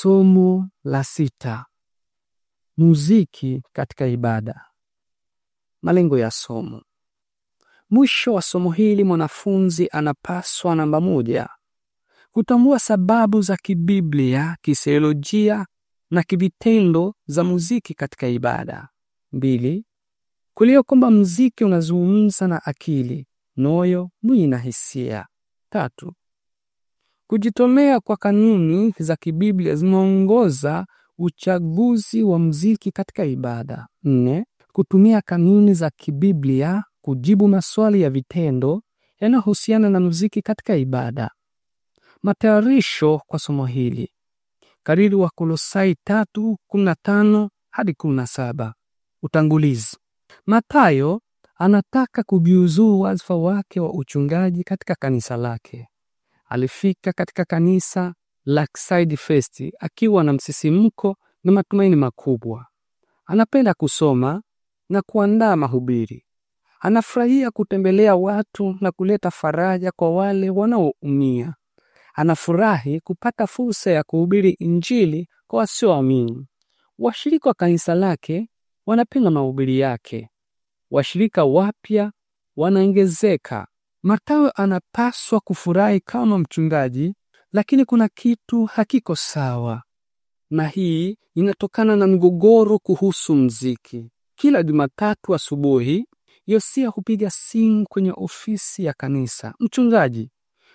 Somo la sita: muziki katika ibada. Malengo ya somo. Mwisho wa somo hili, mwanafunzi anapaswa namba moja, kutambua sababu za kibiblia, kisaikolojia na kivitendo za muziki katika ibada. Mbili, kuelewa kwamba muziki unazungumza na akili, moyo, mwili na hisia. Tatu, Kujitolea kwa kanuni za kibiblia zinaongoza uchaguzi wa mziki katika ibada. Nne, kutumia kanuni za kibiblia kujibu maswali ya vitendo yanayohusiana na muziki katika ibada. Matayarisho kwa somo hili kariri wa Kolosai 3:15 hadi 17. Utangulizi. Matayo anataka kujiuzuru wadhifa wake wa uchungaji katika kanisa lake alifika katika kanisa Lakeside fest akiwa na msisimko na matumaini makubwa. Anapenda kusoma na kuandaa mahubiri. Anafurahia kutembelea watu na kuleta faraja kwa wale wanaoumia. Anafurahi kupata fursa ya kuhubiri Injili kwa wasioamini. Washirika wa kanisa lake wanapenda mahubiri yake. Washirika wapya wanaongezeka matawe anapaswa kufurahi kama mchungaji, lakini kuna kitu hakiko sawa, na hii inatokana na mgogoro kuhusu mziki. Kila Jumatatu asubuhi Yosia hupiga simu kwenye ofisi ya kanisa. Mchungaji,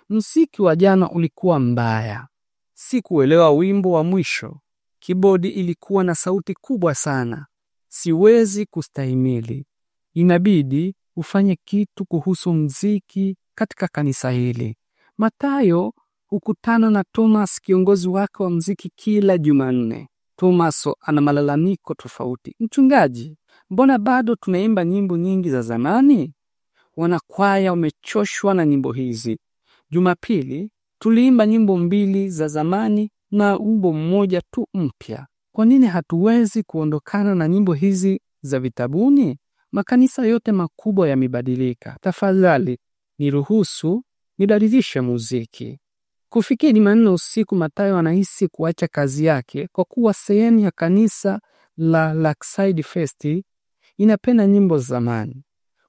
mziki wa jana ulikuwa mbaya, sikuelewa wimbo wa mwisho, kibodi ilikuwa na sauti kubwa sana, siwezi kustahimili, inabidi ufanye kitu kuhusu mziki katika kanisa hili. Matayo hukutana na Thomas, kiongozi wake wa mziki, kila Jumanne. Thomaso ana malalamiko tofauti. Mchungaji, mbona bado tunaimba nyimbo nyingi za zamani? Wanakwaya wamechoshwa na nyimbo hizi. Jumapili tuliimba nyimbo mbili za zamani na umbo mmoja tu mpya. Kwa nini hatuwezi kuondokana na nyimbo hizi za vitabuni? Makanisa yote makubwa yamebadilika. Tafadhali niruhusu nidadirishe muziki. Kufikia Jumanne usiku, matayo anahisi kuacha kazi yake kwa kuwa sehemu ya kanisa la Lakeside Fest inapenda nyimbo zamani.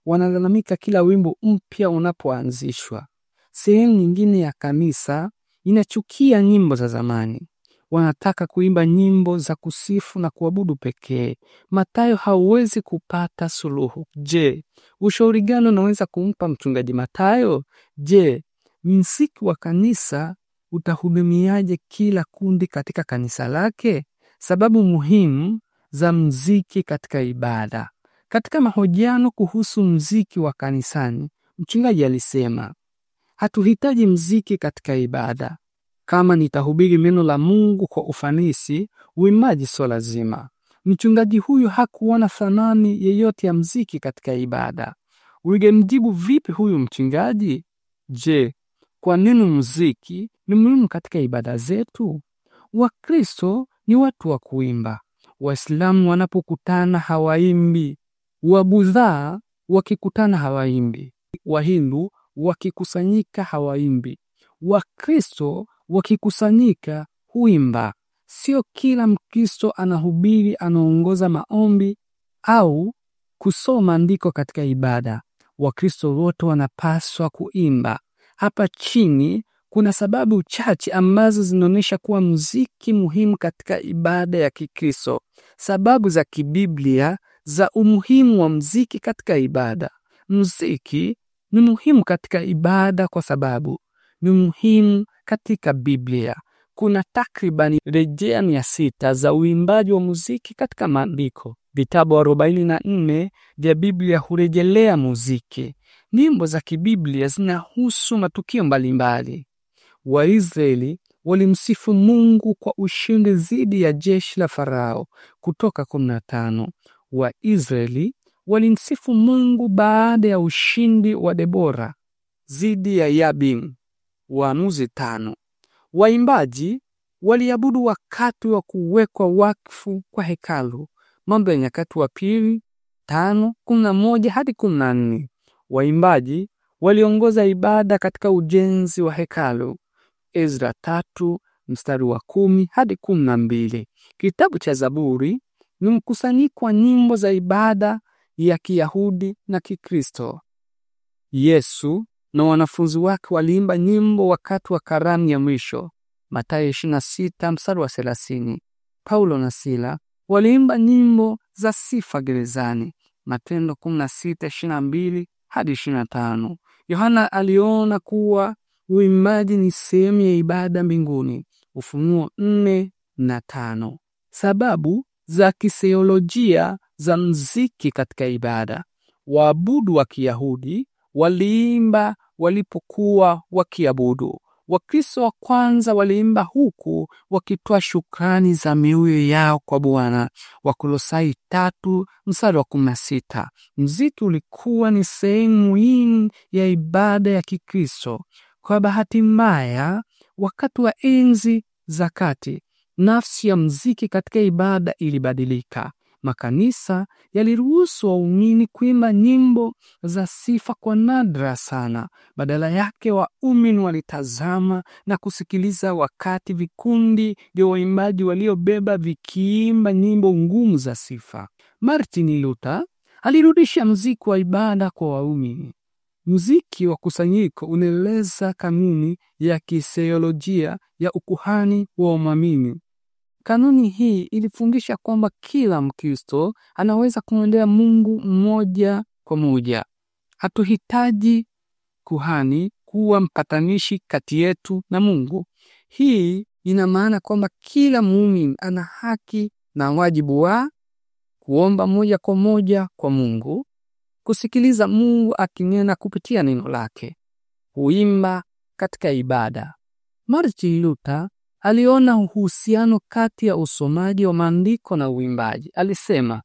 Wanalalamika kila wimbo mpya unapoanzishwa. Sehemu nyingine ya kanisa inachukia nyimbo za zamani wanataka kuimba nyimbo za kusifu na kuabudu pekee. matayo hauwezi kupata suluhu. Je, ushauri gani unaweza kumpa mchungaji matayo Je, msiki wa kanisa utahudumiaje kila kundi katika kanisa lake? Sababu muhimu za mziki katika ibada. Katika mahojiano kuhusu mziki wa kanisani, mchungaji alisema, hatuhitaji mziki katika ibada. Kama nitahubiri neno la Mungu kwa ufanisi, uimbaji sio lazima. Mchungaji huyu hakuona thamani yeyote ya mziki katika ibada. Ungemjibu vipi huyu mchungaji? Je, kwa nini mziki ni muhimu katika ibada zetu? Wakristo ni watu wa kuimba. Waislamu wanapokutana hawaimbi, Wabudha wakikutana hawaimbi, Wahindu wakikusanyika hawaimbi. Wakristo wakikusanyika huimba. Sio kila Mkristo anahubiri, anaongoza maombi au kusoma andiko katika ibada. Wakristo wote wanapaswa kuimba. Hapa chini kuna sababu chache ambazo zinaonyesha kuwa muziki muhimu katika ibada ya Kikristo. Sababu za kibiblia za umuhimu wa muziki katika ibada. Muziki ni muhimu katika ibada kwa sababu ni muhimu katika Biblia. Kuna takribani rejea mia sita za uimbaji wa muziki katika maandiko. Vitabu 44 vya Biblia hurejelea muziki. Nyimbo za kibiblia zinahusu matukio mbalimbali. Waisraeli walimsifu Mungu kwa ushindi dhidi ya jeshi la Farao, Kutoka 15. Waisraeli walimsifu Mungu baada ya ushindi wa Debora dhidi ya Yabin, Waamuzi tano. Waimbaji waliabudu wakati wa kuwekwa wakfu kwa hekalu. Mambo ya Nyakati wa Pili tano kumi na moja hadi kumi na nne. Waimbaji waliongoza ibada katika ujenzi wa hekalu. Ezra tatu mstari wa kumi hadi kumi na mbili. Kitabu cha Zaburi ni mkusanyiko wa nyimbo za ibada ya Kiyahudi na Kikristo. Yesu na wanafunzi wake waliimba nyimbo wakati wa karamu ya mwisho Mathayo 26 mstari wa 30. Paulo na Sila waliimba nyimbo za sifa gerezani Matendo 16:22 hadi 25. Yohana aliona kuwa uimbaji ni sehemu ya ibada mbinguni Ufunuo 4 na 5. Sababu za kiseolojia za mziki katika ibada. Waabudu wa Kiyahudi waliimba walipokuwa wakiabudu. Wakristo wa kwanza waliimba huku wakitoa shukrani za mioyo yao kwa Bwana. Wakolosai tatu mstari wa kumi na sita. Mziki ulikuwa ni sehemu muhimu ya ibada ya Kikristo. Kwa bahati mbaya, wakati wa enzi za kati, nafsi ya mziki katika ibada ilibadilika makanisa yaliruhusu waumini kuimba nyimbo za sifa kwa nadra sana. Badala yake, waumini walitazama na kusikiliza wakati vikundi vya waimbaji waliobeba vikiimba nyimbo ngumu za sifa. Martin Luther alirudisha mziki wa ibada kwa waumini. Muziki wa kusanyiko unaeleza kanuni ya kiseolojia ya ukuhani wa umamini Kanuni hii ilifungisha kwamba kila Mkristo anaweza kumwendea Mungu mmoja kwa moja. Hatuhitaji kuhani kuwa mpatanishi kati yetu na Mungu. Hii ina maana kwamba kila muumini ana haki na wajibu wa kuomba moja kwa moja kwa Mungu, kusikiliza Mungu akinena kupitia neno lake, kuimba katika ibada. Martin Luther aliona uhusiano kati ya usomaji wa maandiko na uimbaji. Alisema,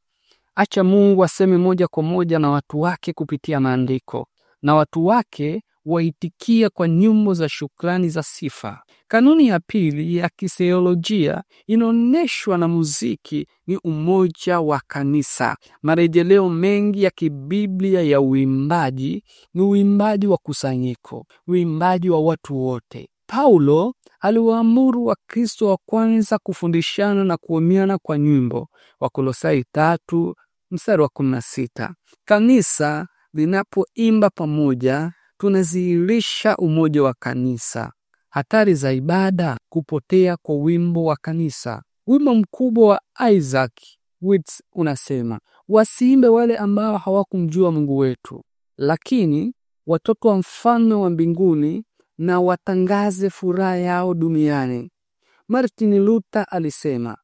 acha Mungu aseme moja kwa moja na watu wake kupitia maandiko, na watu wake waitikia kwa nyimbo za shukrani za sifa. Kanuni ya pili ya kitheolojia inaonyeshwa na muziki ni umoja wa kanisa. Marejeleo mengi ya kibiblia ya uimbaji ni uimbaji wa kusanyiko, uimbaji wa watu wote. Paulo aliwaamuru Wakristo wa kwanza kufundishana na kuomiana kwa nyimbo, Wakolosai tatu mstari wa sita. Kanisa linapoimba pamoja, tunazihirisha umoja wa kanisa. Hatari za ibada: kupotea kwa wimbo wa kanisa. Wimbo mkubwa wa Isaac witz unasema, wasiimbe wale ambao hawakumjua Mungu wetu, lakini watoto wa mfalme wa mbinguni na watangaze furaha yao duniani. Martin Luther alisema,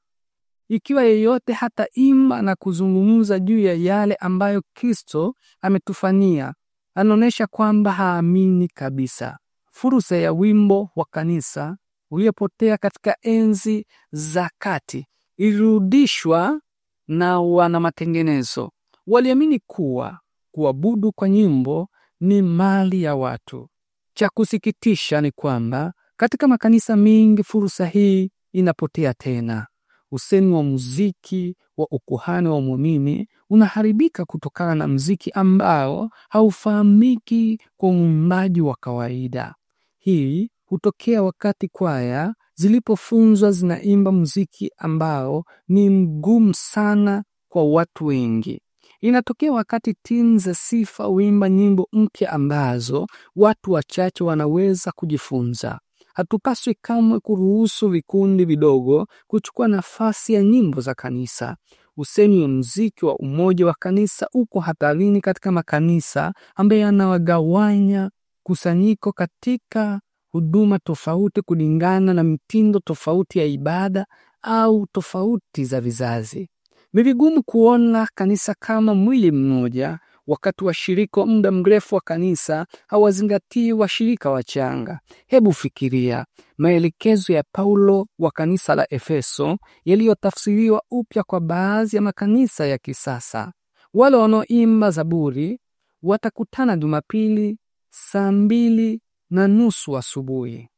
ikiwa yeyote hata imba na kuzungumza juu ya yale ambayo Kristo ametufanyia, anaonesha kwamba haamini kabisa. Fursa ya wimbo wa kanisa uliopotea katika enzi za kati ilirudishwa na wana matengenezo. Waliamini kuwa kuabudu kwa nyimbo ni mali ya watu. Cha kusikitisha ni kwamba katika makanisa mengi fursa hii inapotea tena. Usemi wa muziki wa ukuhani wa muumini unaharibika kutokana na mziki ambao haufahamiki kwa muumbaji wa kawaida. Hii hutokea wakati kwaya zilipofunzwa zinaimba mziki ambao ni mgumu sana kwa watu wengi. Inatokea wakati timu za sifa huimba nyimbo mpya ambazo watu wachache wanaweza kujifunza. Hatupaswi kamwe kuruhusu vikundi vidogo kuchukua nafasi ya nyimbo za kanisa. Usemi wa mziki wa umoja wa kanisa uko hatarini katika makanisa ambayo yanawagawanya kusanyiko katika huduma tofauti kulingana na mitindo tofauti ya ibada au tofauti za vizazi. Ni vigumu kuona kanisa kama mwili mmoja wakati washirika wa muda mrefu wa kanisa hawazingatii washirika wachanga. Hebu fikiria maelekezo ya Paulo wa kanisa la Efeso yaliyotafsiriwa upya kwa baadhi ya makanisa ya kisasa. Wale wanaoimba zaburi watakutana Jumapili saa mbili na nusu asubuhi.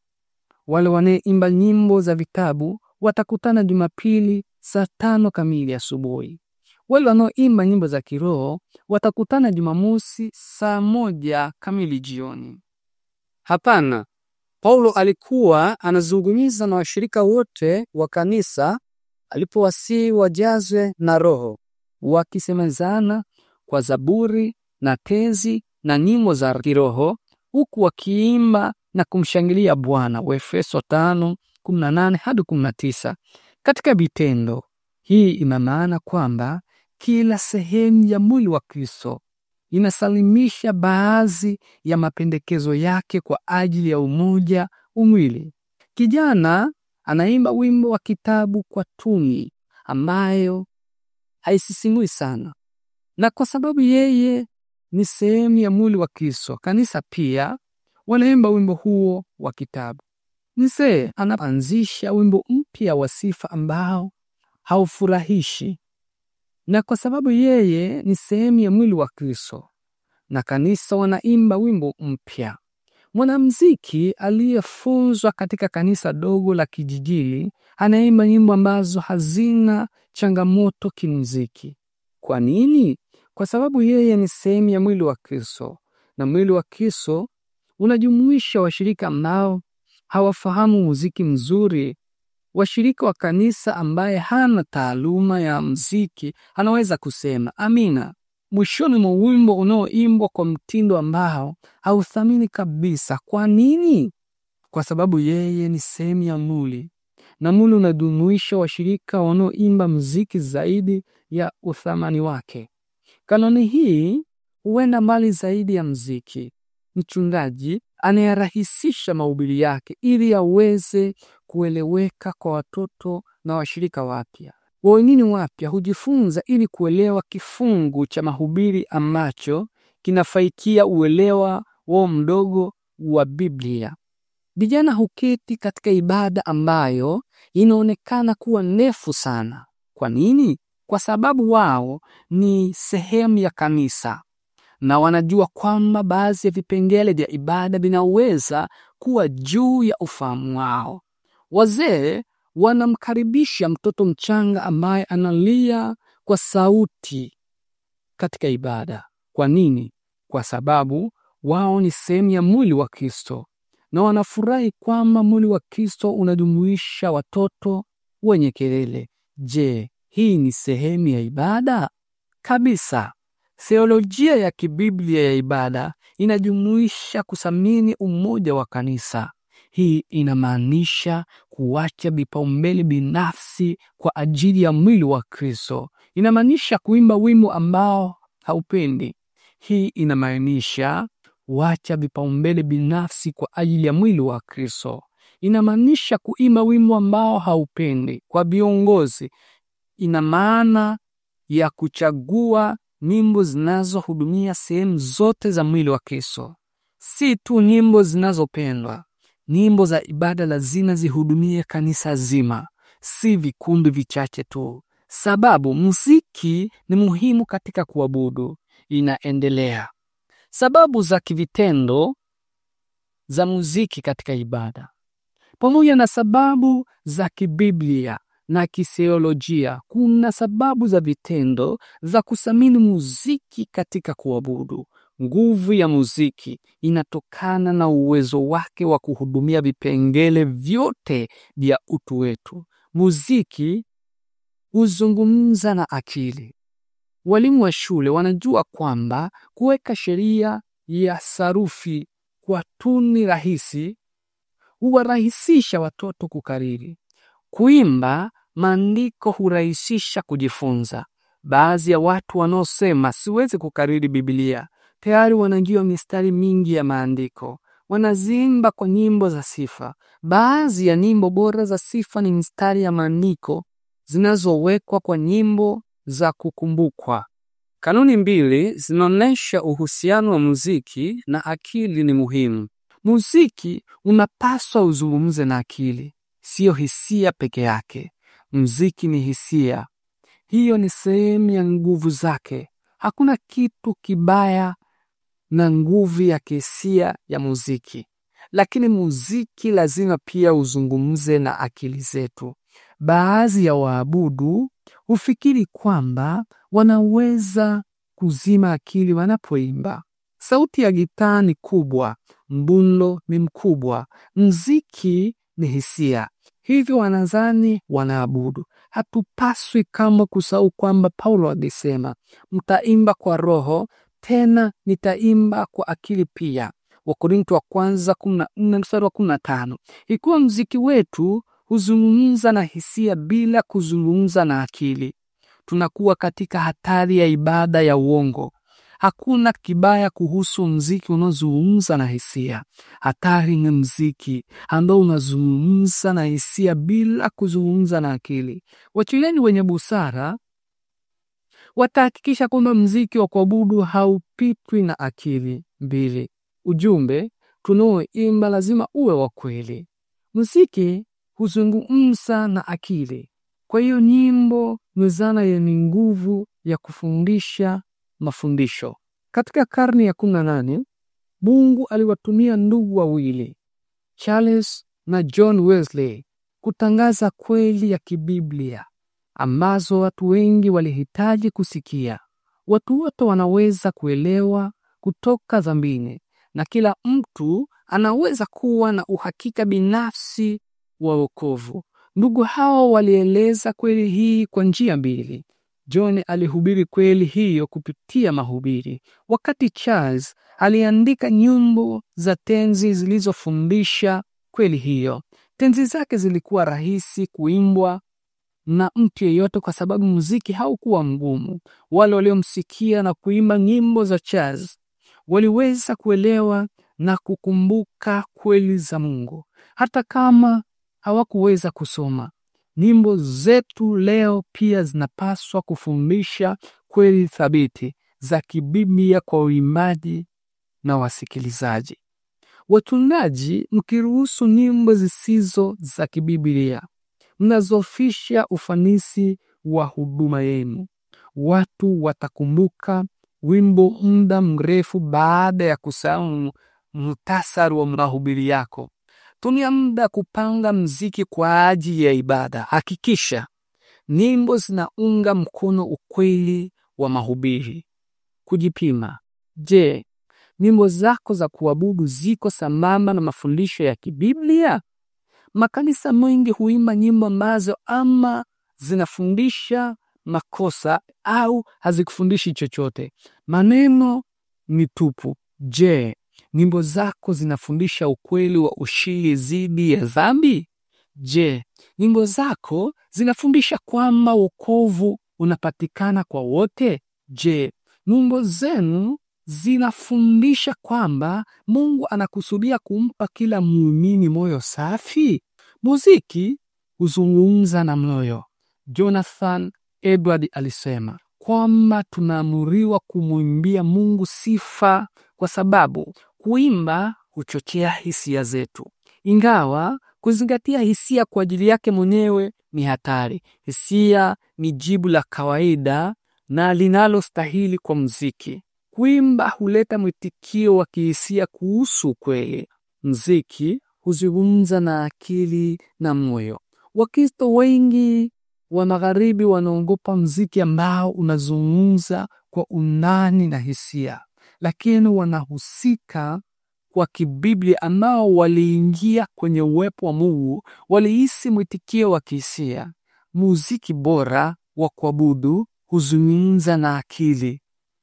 Wale wanaoimba nyimbo za vitabu watakutana Jumapili saa tano kamili asubuhi. Wale wanaoimba nyimbo za kiroho watakutana Jumamosi saa moja kamili jioni. Hapana, Paulo alikuwa anazungumza na washirika wote wa kanisa alipowasihi wajazwe na Roho, wakisemezana kwa zaburi na tezi na nyimbo za kiroho, huku wakiimba na kumshangilia Bwana. Waefeso 5:18 hadi katika vitendo, hii ina maana kwamba kila sehemu ya mwili wa Kristo inasalimisha baadhi ya mapendekezo yake kwa ajili ya umoja umwili. Kijana anaimba wimbo wa kitabu kwa tuni ambayo haisisimui sana, na kwa sababu yeye ni sehemu ya mwili wa Kristo, kanisa pia wanaimba wimbo huo wa kitabu mzee anaanzisha wimbo mpya wa sifa ambao haufurahishi, na kwa sababu yeye ni sehemu ya mwili wa Kristo na kanisa wanaimba wimbo mpya. Mwanamuziki aliyefunzwa katika kanisa dogo la kijijini anaimba nyimbo ambazo hazina changamoto kimuziki. Kwa nini? Kwa sababu yeye ni sehemu ya mwili wa Kristo, na mwili wa Kristo unajumuisha washirika ambao hawafahamu muziki mzuri. Washirika wa kanisa ambaye hana taaluma ya muziki anaweza kusema amina mwishoni mwa wimbo unaoimbwa kwa mtindo ambao hauthamini kabisa. Kwa nini? Kwa sababu yeye ni sehemu ya muli na muli unadumuisha washirika wanaoimba muziki zaidi ya uthamani wake. Kanuni hii huenda mbali zaidi ya muziki. Mchungaji anayarahisisha mahubiri yake ili yaweze kueleweka kwa watoto na washirika wapya. Waumini wapya hujifunza ili kuelewa kifungu cha mahubiri ambacho kinafaikia uelewa wao mdogo wa Biblia. Vijana huketi katika ibada ambayo inaonekana kuwa ndefu sana. Kwa nini? Kwa sababu wao ni sehemu ya kanisa na wanajua kwamba baadhi ya vipengele vya ibada vinaweza kuwa juu ya ufahamu wao. Wazee wanamkaribisha mtoto mchanga ambaye analia kwa sauti katika ibada. Kwa nini? Kwa sababu wao ni sehemu ya mwili wa Kristo na wanafurahi kwamba mwili wa Kristo unajumuisha watoto wenye kelele. Je, hii ni sehemu ya ibada? Kabisa. Theolojia ya kibiblia ya ibada inajumuisha kuthamini umoja wa kanisa. Hii inamaanisha kuacha vipaumbele binafsi kwa ajili ya mwili wa Kristo. Inamaanisha kuimba wimbo ambao haupendi. Hii inamaanisha kuacha vipaumbele binafsi kwa ajili ya mwili wa Kristo. Inamaanisha kuimba wimbo ambao haupendi. Kwa viongozi, ina maana ya kuchagua nyimbo zinazohudumia sehemu zote za mwili wa Kristo, si tu nyimbo zinazopendwa. Nyimbo za ibada lazima zihudumie kanisa zima, si vikundi vichache tu, sababu muziki ni muhimu katika kuabudu. Inaendelea sababu za kivitendo za muziki katika ibada pamoja na sababu za kibiblia na kiseolojia. Kuna sababu za vitendo za kusamini muziki katika kuabudu. Nguvu ya muziki inatokana na uwezo wake wa kuhudumia vipengele vyote vya utu wetu. Muziki huzungumza na akili. Walimu wa shule wanajua kwamba kuweka sheria ya sarufi kwa tuni rahisi huwarahisisha watoto kukariri. Kuimba Maandiko hurahisisha kujifunza. Baadhi ya watu wanaosema siwezi kukariri Biblia tayari wanajua mistari mingi ya maandiko, wanazimba kwa nyimbo za sifa. Baadhi ya nyimbo bora za sifa ni mistari ya maandiko zinazowekwa kwa nyimbo za kukumbukwa. Kanuni mbili zinaonyesha uhusiano wa muziki na akili ni muhimu. Muziki unapaswa uzungumze na akili, siyo hisia peke yake. Mziki ni hisia, hiyo ni sehemu ya nguvu zake. Hakuna kitu kibaya na nguvu ya kihisia ya muziki, lakini muziki lazima pia uzungumze na akili zetu. Baadhi ya waabudu hufikiri kwamba wanaweza kuzima akili wanapoimba. Sauti ya gitaa ni kubwa, mdundo ni mkubwa. mziki ni hisia, hivyo wanadhani wanaabudu. Hatupaswi kama kusahau kwamba Paulo alisema, mtaimba kwa roho, tena nitaimba kwa akili pia, Wakorintho wa kwanza Ikiwa mziki wetu huzungumza na hisia bila kuzungumza na akili, tunakuwa katika hatari ya ibada ya uongo. Hakuna kibaya kuhusu mziki unaozungumza na hisia. Hatari ni mziki ambao unazungumza na hisia bila kuzungumza na akili. Wachileni wenye busara watahakikisha kwamba mziki wa kuabudu haupitwi na akili. Mbili, ujumbe tunaoimba lazima uwe wa kweli. Mziki huzungumza na akili, kwa hiyo nyimbo ni zana yenye nguvu ya kufundisha mafundisho. Katika karne ya 18 Mungu aliwatumia ndugu wawili Charles na John Wesley kutangaza kweli ya kibiblia ambazo watu wengi walihitaji kusikia. Watu wote wanaweza kuelewa kutoka dhambini na kila mtu anaweza kuwa na uhakika binafsi wa wokovu. Ndugu hao walieleza kweli hii kwa njia mbili. John alihubiri kweli hiyo kupitia mahubiri, wakati Charles aliandika nyimbo za tenzi zilizofundisha kweli hiyo. Tenzi zake zilikuwa rahisi kuimbwa na mtu yeyote kwa sababu muziki haukuwa mgumu. Wale waliomsikia na kuimba nyimbo za Charles waliweza kuelewa na kukumbuka kweli za Mungu hata kama hawakuweza kusoma. Nyimbo zetu leo pia zinapaswa kufundisha kweli thabiti za kibiblia kwa uimaji na wasikilizaji. Watunaji, mkiruhusu nyimbo zisizo za kibiblia, mnazofisha ufanisi wa huduma yenu. Watu watakumbuka wimbo muda mrefu baada ya kusahau mtasari wa mahubiri yako. Tumia muda kupanga mziki kwa ajili ya ibada. Hakikisha nyimbo zinaunga mkono ukweli wa mahubiri. Kujipima. Je, nyimbo zako za kuabudu ziko sambamba na mafundisho ya kibiblia? Makanisa mengi huimba nyimbo ambazo ama zinafundisha makosa au hazikufundishi chochote, maneno ni tupu Je, Nyimbo zako zinafundisha ukweli wa ushindi dhidi ya dhambi? Je, nyimbo zako zinafundisha kwamba wokovu unapatikana kwa wote? Je, nyimbo zenu zinafundisha kwamba Mungu anakusudia kumpa kila muumini moyo safi? Muziki huzungumza na moyo. Jonathan Edward alisema kwamba tunaamuriwa kumwimbia Mungu sifa kwa sababu Kuimba huchochea hisia zetu, ingawa kuzingatia hisia kwa ajili yake mwenyewe ni hatari. Hisia ni jibu la kawaida na linalostahili kwa mziki Kuimba huleta mwitikio wa kihisia kuhusu kweli. mziki huzungumza na akili na moyo. Wakristo wengi wa magharibi wanaogopa mziki ambao unazungumza kwa undani na hisia lakini wanahusika kwa kibiblia ambao waliingia kwenye uwepo wa Mungu, walihisi mwitikio wa kihisia. Muziki bora wa kuabudu huzungumza na akili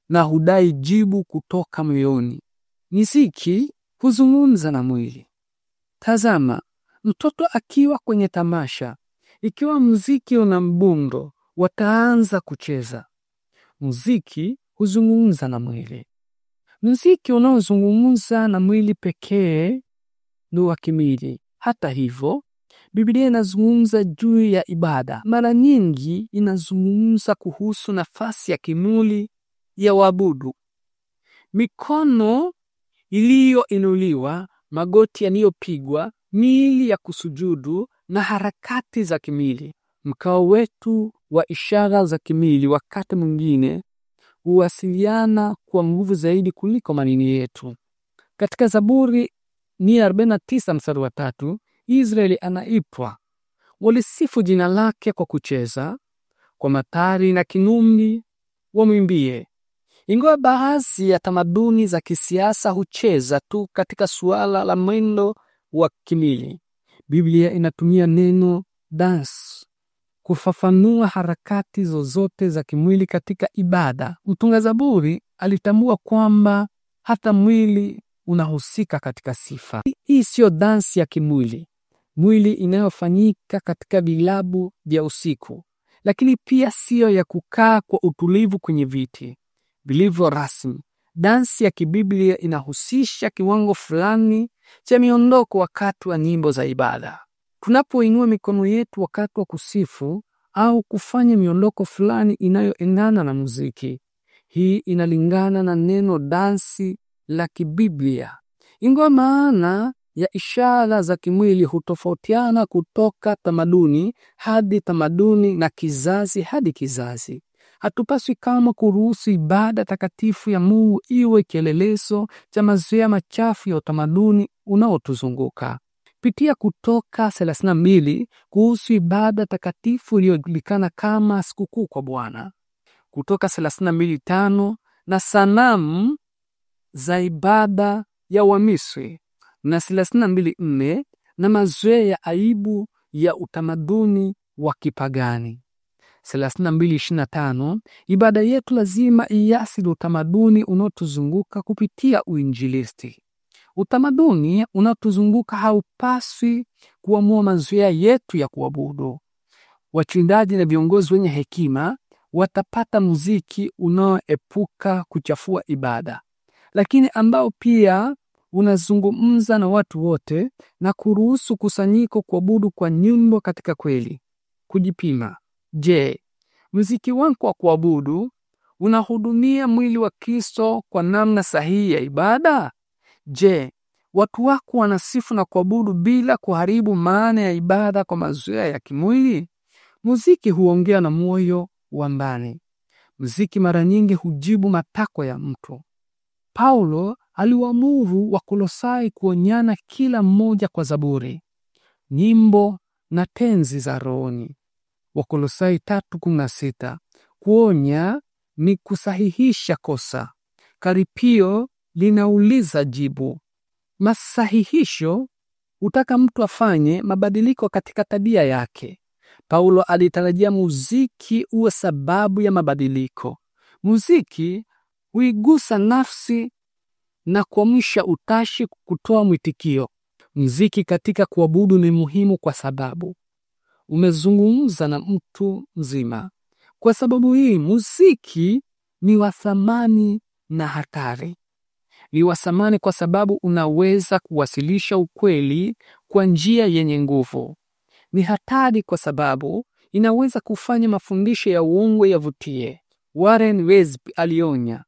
na hudai jibu kutoka moyoni. Miziki huzungumza na mwili. Tazama mtoto akiwa kwenye tamasha, ikiwa muziki una mbundo, wataanza kucheza. Muziki huzungumza na mwili. Mziki unaozungumza na mwili pekee ni wa kimwili. Hata hivyo, Biblia inazungumza juu ya ibada. Mara nyingi inazungumza kuhusu nafasi ya kimwili ya wabudu. mikono iliyoinuliwa, magoti yanayopigwa, miili ya kusujudu na harakati za kimwili. Mkao wetu wa ishara za kimwili wakati mwingine huwasiliana kwa nguvu zaidi kuliko manini yetu. Katika Zaburi 149 mstari wa tatu, Israeli anaipwa walisifu jina lake kwa kucheza, kwa matari na kinumbi wamwimbie. Ingawa baadhi ya tamaduni za kisiasa hucheza tu katika suala la mwendo wa kimili, Biblia inatumia neno dance kufafanua harakati zozote za kimwili katika ibada. Mtunga Zaburi alitambua kwamba hata mwili unahusika katika sifa hii. Siyo dansi ya kimwili mwili inayofanyika katika vilabu vya usiku, lakini pia siyo ya kukaa kwa utulivu kwenye viti vilivyo rasmi. Dansi ya kibiblia inahusisha kiwango fulani cha miondoko wakati wa nyimbo za ibada. Tunapoinua mikono yetu wakati wa kusifu au kufanya miondoko fulani inayoendana na muziki, hii inalingana na neno dansi la kibiblia, ingawa maana ya ishara za kimwili hutofautiana kutoka tamaduni hadi tamaduni na kizazi hadi kizazi. Hatupaswi kama kuruhusu ibada takatifu ya Mungu iwe kielelezo cha mazoea machafu ya utamaduni unaotuzunguka. Kupitia Kutoka 32 kuhusu ibada takatifu iliyojulikana kama sikukuu kwa Bwana, Kutoka 32:5 na sanamu za ibada ya Wamisri na 32:4 na mazoea ya aibu ya utamaduni wa kipagani. 32:25 Ibada yetu lazima iasili utamaduni unaotuzunguka kupitia uinjilisti. Utamaduni unaotuzunguka haupaswi kuamua mazoea yetu ya kuabudu. wachindaji na viongozi wenye hekima watapata muziki unaoepuka kuchafua ibada, lakini ambao pia unazungumza na watu wote na kuruhusu kusanyiko kuabudu kwa nyimbo katika kweli. Kujipima. Je, muziki wangu wa kuabudu unahudumia mwili wa Kristo kwa namna sahihi ya ibada? Je, watu wako wanasifu na kuabudu bila kuharibu maana ya ibada kwa mazoea ya kimwili? Muziki huongea na moyo wa ndani. Muziki mara nyingi hujibu matakwa ya mtu. Paulo aliwaamuru Wakolosai kuonyana kila mmoja kwa zaburi, nyimbo na tenzi za rohoni. Wakolosai 3:16. Kuonya ni kusahihisha kosa. Karipio linauliza jibu. Masahihisho hutaka mtu afanye mabadiliko katika tabia yake. Paulo alitarajia muziki uwe sababu ya mabadiliko. Muziki huigusa nafsi na kuamsha utashi kutoa mwitikio. Muziki katika kuabudu ni muhimu kwa sababu umezungumza na mtu mzima. Kwa sababu hii, muziki ni wa thamani na hatari ni wa thamani kwa sababu unaweza kuwasilisha ukweli kwa njia yenye nguvu. Ni hatari kwa sababu inaweza kufanya mafundisho ya uongo yavutie. Warren Wiersbe alionya,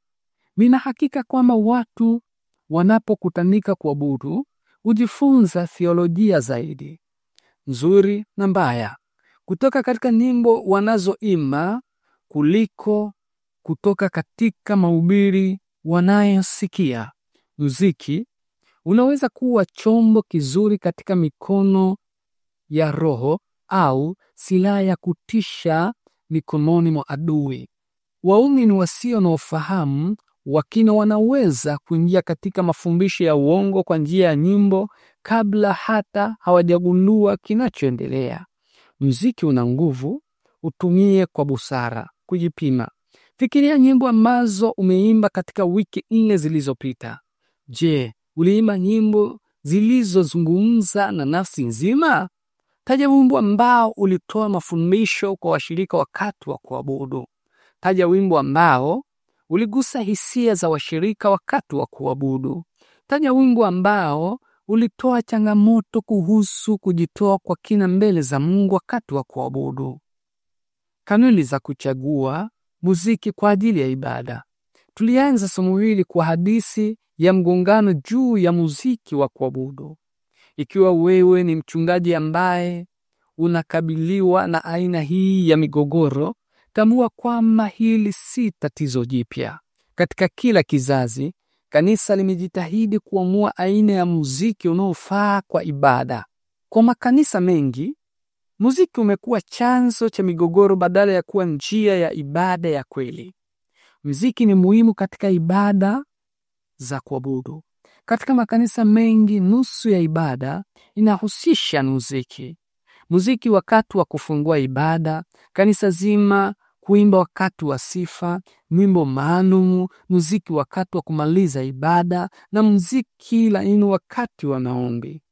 nina hakika kwamba watu wanapokutanika kuabudu hujifunza theolojia zaidi nzuri na mbaya kutoka katika nyimbo wanazoimba kuliko kutoka katika mahubiri wanayosikia muziki unaweza kuwa chombo kizuri katika mikono ya roho au silaha ya kutisha mikononi mwa adui. Waumini wasio na ufahamu wakina wanaweza kuingia katika mafundisho ya uongo kwa njia ya nyimbo kabla hata hawajagundua kinachoendelea. Mziki una nguvu, utumie kwa busara. Kujipima: fikiria nyimbo ambazo umeimba katika wiki nne zilizopita. Je, uliimba nyimbo zilizozungumza na nafsi nzima? Taja wimbo ambao ulitoa mafundisho kwa washirika wakati wa kuabudu. Taja wimbo ambao uligusa hisia za washirika wakati wa kuabudu. Taja wimbo ambao ulitoa changamoto kuhusu kujitoa kwa kina mbele za Mungu wakati wa kuabudu. Kanuni za kuchagua muziki kwa ajili ya ibada. Tulianza somo hili kwa hadithi ya mgongano juu ya muziki wa kuabudu. Ikiwa wewe ni mchungaji ambaye unakabiliwa na aina hii ya migogoro, tambua kwamba hili si tatizo jipya. Katika kila kizazi, kanisa limejitahidi kuamua aina ya muziki unaofaa kwa ibada. Kwa makanisa mengi, muziki umekuwa chanzo cha migogoro badala ya kuwa njia ya ibada ya kweli. Mziki ni muhimu katika ibada za kuabudu. Katika makanisa mengi, nusu ya ibada inahusisha muziki. Muziki wakati wa kufungua ibada, kanisa zima kuimba wakati wa sifa, mwimbo maalum, muziki wakati wa kumaliza ibada na muziki laini wakati wa maombi.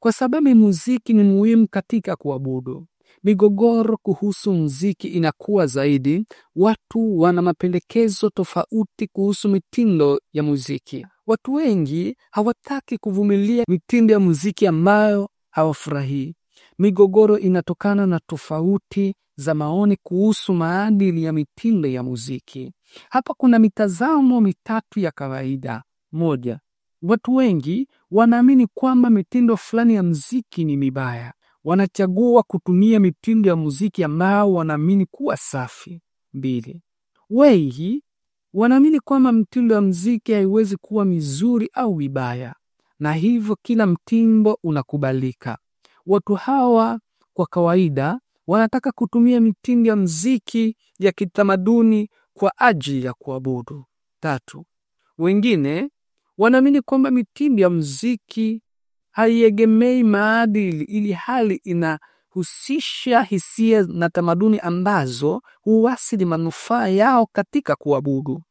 Kwa sababu muziki ni muhimu katika kuabudu, Migogoro kuhusu muziki inakuwa zaidi. Watu wana mapendekezo tofauti kuhusu mitindo ya muziki. Watu wengi hawataki kuvumilia mitindo ya muziki ambayo hawafurahii. Migogoro inatokana na tofauti za maoni kuhusu maadili ya mitindo ya muziki. Hapa kuna mitazamo mitatu ya kawaida. Moja, watu wengi wanaamini kwamba mitindo fulani ya mziki ni mibaya wanachagua kutumia mitindo ya muziki ambao wanaamini kuwa safi. Mbili, wengi wanaamini kwamba mtindo ya muziki haiwezi kuwa mizuri au vibaya na hivyo kila mtindo unakubalika. Watu hawa kwa kawaida wanataka kutumia mitindo ya muziki ya kitamaduni kwa ajili ya kuabudu. Tatu, wengine wanaamini kwamba mitindo ya muziki haiegemei maadili, ili hali inahusisha hisia na tamaduni ambazo huwasili manufaa yao katika kuabudu.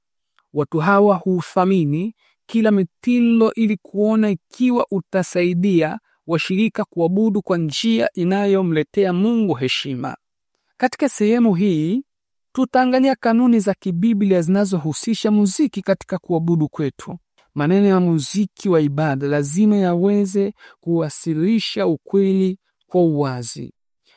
Watu hawa huthamini kila mitindo ili kuona ikiwa utasaidia washirika kuabudu kwa njia inayomletea Mungu heshima. Katika sehemu hii tutaangalia kanuni za kibiblia zinazohusisha muziki katika kuabudu kwetu maneno ya muziki wa ibada lazima yaweze kuwasilisha ukweli kwa uwazi.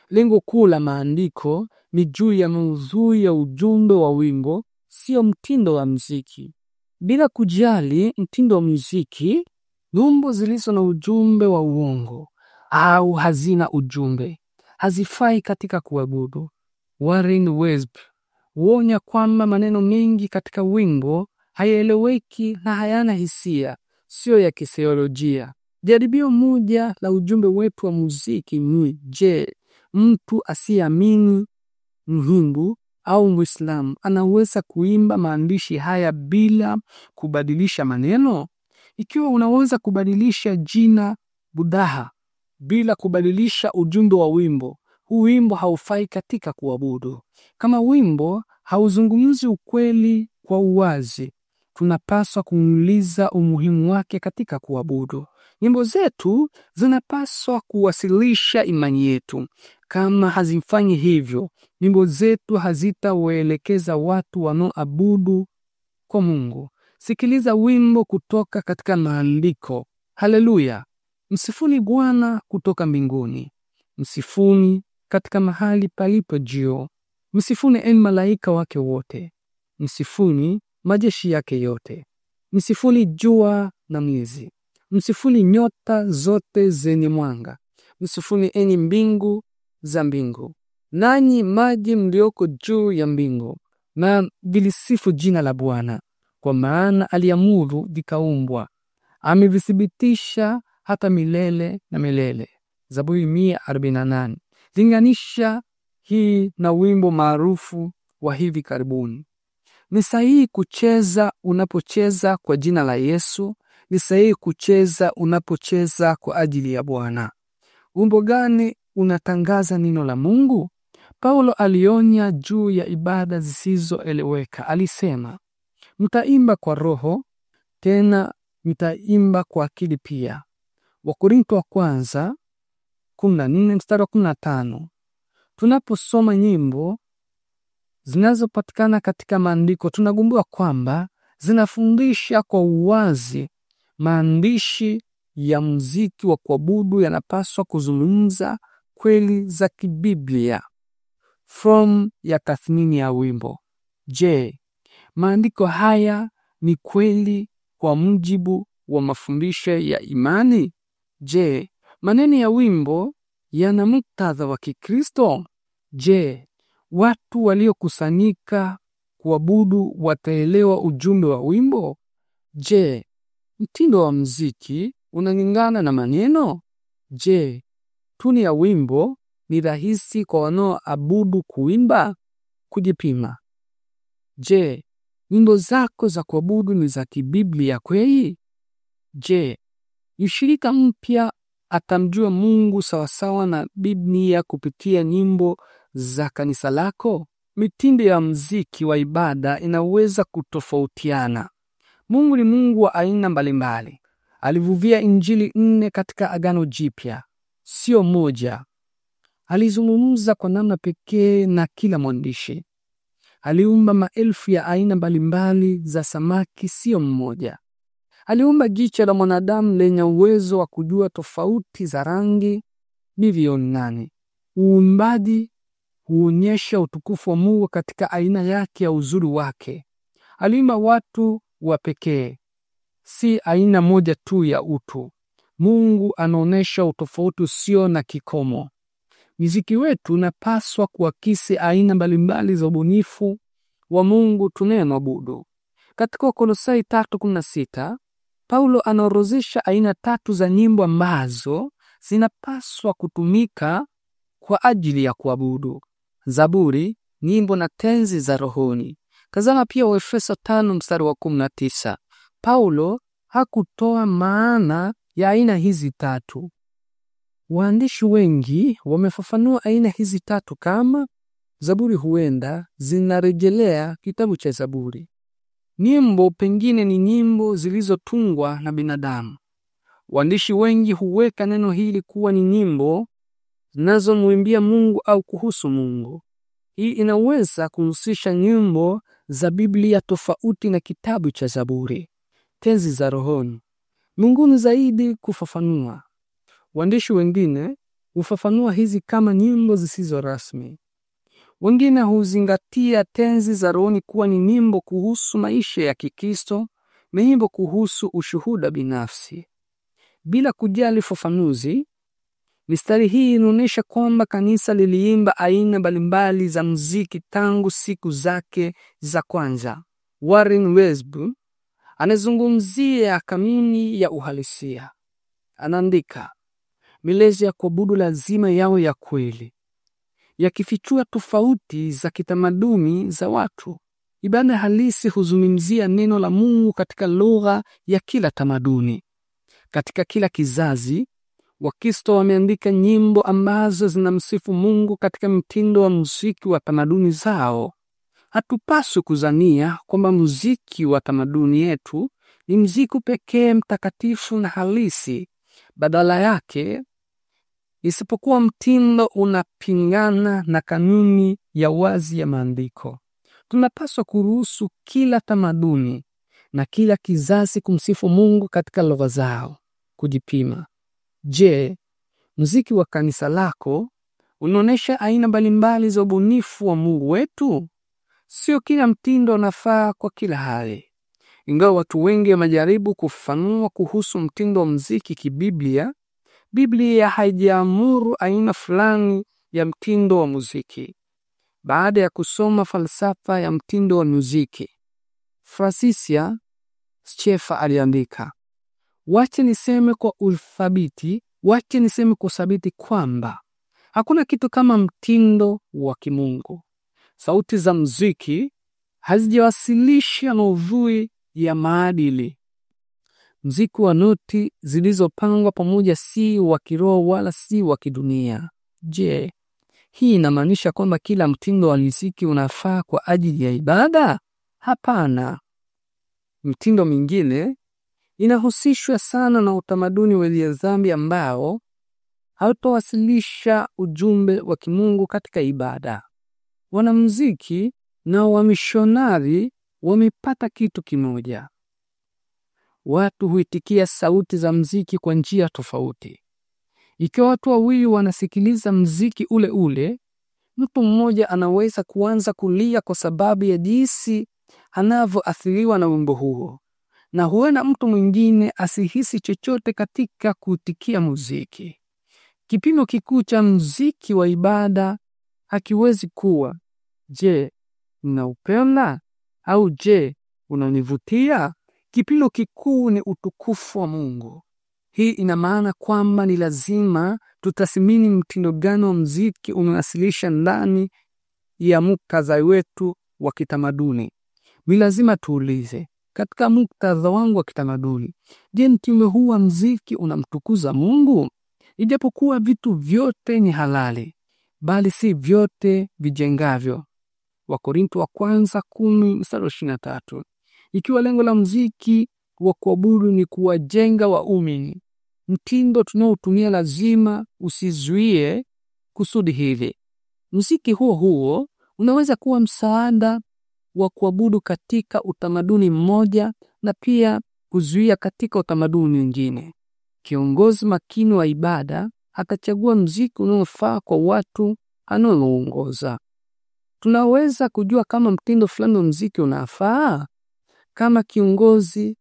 Lengo kuu la maandiko ni juu ya maudhui ya ujumbe wa wimbo, sio mtindo wa muziki. Bila kujali mtindo wa muziki, nyimbo zilizo na ujumbe wa uongo au hazina ujumbe hazifai katika kuabudu. Warren Wiersbe huonya kwamba maneno mengi katika wimbo haieleweki na hayana hisia, sio ya kitheolojia Jaribio moja la ujumbe wetu wa muziki ni je, mtu asiyeamini Mhindu au Mwislamu anaweza kuimba maandishi haya bila kubadilisha maneno? Ikiwa unaweza kubadilisha jina budaha bila kubadilisha ujumbe wa wimbo, huu wimbo haufai katika kuabudu. Kama wimbo hauzungumzi ukweli kwa uwazi, tunapaswa kumuuliza umuhimu wake katika kuabudu. Nyimbo zetu zinapaswa kuwasilisha imani yetu. Kama hazifanyi hivyo, nyimbo zetu hazitawaelekeza watu wanaoabudu kwa Mungu. Sikiliza wimbo kutoka katika Maandiko: Haleluya, msifuni Bwana kutoka mbinguni, msifuni katika mahali palipo juu, msifuni enyi malaika wake wote, msifuni majeshi yake yote. Msifuni jua na mwezi, msifuni nyota zote zenye mwanga, msifuni enyi mbingu za mbingu, nanyi maji mlioko juu ya mbingu. Na vilisifu jina la Bwana, kwa maana aliamuru vikaumbwa, amevithibitisha hata milele na milele. Zaburi 148. Linganisha hii na wimbo maarufu wa hivi karibuni ni sahihi kucheza unapocheza kwa jina la Yesu. Ni sahihi kucheza unapocheza kwa ajili ya Bwana. Wimbo gani unatangaza neno la Mungu? Paulo alionya juu ya ibada zisizoeleweka. Alisema, mtaimba kwa roho, tena mtaimba kwa akili pia. Wakorinto wa kwanza 14 mstari wa 15. Tunaposoma nyimbo zinazopatikana katika maandiko tunagundua kwamba zinafundisha kwa uwazi maandishi ya muziki wa kuabudu yanapaswa kuzungumza kweli za kibiblia. From ya tathmini ya wimbo. Je, maandiko haya ni kweli kwa mujibu wa mafundisho ya imani? Je, maneno ya wimbo yana muktadha wa Kikristo? Je, watu waliokusanyika kuabudu wataelewa ujumbe wa wimbo? Je, mtindo wa mziki unalingana na maneno? Je, tuni ya wimbo ni rahisi kwa wanaoabudu kuimba? Kujipima. Je, nyimbo zako za kuabudu ni za kibiblia kweli? Je, mshirika mpya atamjua Mungu sawasawa na Biblia kupitia nyimbo za kanisa lako? Mitindo ya mziki wa ibada inaweza kutofautiana. Mungu ni Mungu wa aina mbalimbali. Alivuvia Injili nne katika Agano Jipya, sio moja. Alizungumza kwa namna pekee na kila mwandishi. Aliumba maelfu ya aina mbalimbali za samaki, sio mmoja. Aliumba jicho la mwanadamu lenye uwezo wa kujua tofauti za rangi. Ndivyo nani uumbaji huonyesha utukufu wa Mungu katika aina yake ya uzuri wake. Aliumba watu wa pekee, si aina moja tu ya utu. Mungu anaonyesha utofauti usio na kikomo. Miziki wetu unapaswa kuakisi aina mbalimbali za ubunifu wa Mungu tunayemwabudu. Katika Kolosai 3:16 Paulo anaorozesha aina tatu za nyimbo ambazo zinapaswa kutumika kwa ajili ya kuabudu. Zaburi, nyimbo na tenzi za rohoni. Kazama pia Waefeso tano mstari wa 19. Paulo hakutoa maana ya aina hizi tatu. Waandishi wengi wamefafanua aina hizi tatu kama Zaburi huenda zinarejelea kitabu cha Zaburi. Nyimbo pengine ni nyimbo zilizotungwa na binadamu. Waandishi wengi huweka neno hili kuwa ni nyimbo zinazomwimbia Mungu au kuhusu Mungu. Hii inaweza kuhusisha nyimbo za Biblia tofauti na kitabu cha Zaburi. Tenzi za rohoni ni zaidi kufafanua. Waandishi wengine hufafanua hizi kama nyimbo zisizo rasmi. Wengine huzingatia tenzi za rohoni kuwa ni nyimbo kuhusu maisha ya Kikristo, nyimbo kuhusu ushuhuda binafsi, bila kujali fafanuzi Mistari hii inaonyesha kwamba kanisa liliimba aina mbalimbali za muziki tangu siku zake za kwanza. Warren Wiersbe anazungumzia kanuni ya uhalisia. Anaandika, milezi ya kuabudu lazima yawe ya kweli, yakifichua tofauti za kitamaduni za watu. Ibada halisi huzungumzia neno la Mungu katika lugha ya kila tamaduni, katika kila kizazi Wakristo wameandika nyimbo ambazo zinamsifu Mungu katika mtindo wa muziki wa tamaduni zao. Hatupaswi kuzania kwamba muziki wa tamaduni yetu ni muziki pekee mtakatifu na halisi. Badala yake, isipokuwa mtindo unapingana na kanuni ya wazi ya maandiko. Tunapaswa kuruhusu kila tamaduni na kila kizazi kumsifu Mungu katika lugha zao. Kujipima Je, mziki wa kanisa lako unaonesha aina mbalimbali za ubunifu wa Mungu wetu? Sio kila mtindo unafaa kwa kila hali. Ingawa watu wengi wamejaribu kufafanua kuhusu mtindo wa mziki kibiblia, Biblia haijaamuru aina fulani ya mtindo wa muziki. Baada ya kusoma falsafa ya mtindo wa muziki, Francisia Schaeffer aliandika, wache niseme kwa uthabiti, wache niseme kwa uthabiti kwamba hakuna kitu kama mtindo wa kimungu. Sauti za mziki hazijawasilisha maudhui ya maadili. Mziki wa noti zilizopangwa pamoja si wa kiroho wala si wa kidunia. Je, hii inamaanisha kwamba kila mtindo wa muziki unafaa kwa ajili ya ibada? Hapana. Mtindo mingine inahusishwa sana na utamaduni wa dhambi ambao hautawasilisha ujumbe wa kimungu katika ibada. Wanamuziki na wamishonari wamepata kitu kimoja. Watu huitikia sauti za mziki kwa njia tofauti. Ikiwa watu wawili wanasikiliza mziki ule ule, mtu mmoja anaweza kuanza kulia kwa sababu ya jinsi anavyoathiriwa na wimbo huo na huenda mtu mwingine asihisi chochote katika kuitikia muziki. Kipimo kikuu cha muziki wa ibada hakiwezi kuwa je, ninaupenda au je, unanivutia. Kipimo kikuu ni utukufu wa Mungu. Hii ina maana kwamba ni lazima tutathmini mtindo gani wa muziki unawasilisha ndani ya muktadha wetu wa kitamaduni. Ni lazima tuulize, katika muktadha wangu wa kitamaduni. Je, mtindo huu wa mziki unamtukuza Mungu? Ijapokuwa vitu vyote ni halali, bali si vyote vijengavyo. Wakorinto wa kwanza kumi mstari ishirini na tatu. Ikiwa lengo la mziki wa kuabudu ni kuwajenga waumini, mtindo tunaotumia lazima usizuie kusudi hivi Mziki huo huo unaweza kuwa msaada wa kuabudu katika utamaduni mmoja na pia kuzuia katika utamaduni mwingine. Kiongozi makini wa ibada atachagua mziki unaofaa kwa watu anaoongoza. Tunaweza kujua kama mtindo fulani wa mziki unafaa. Kama kiongozi,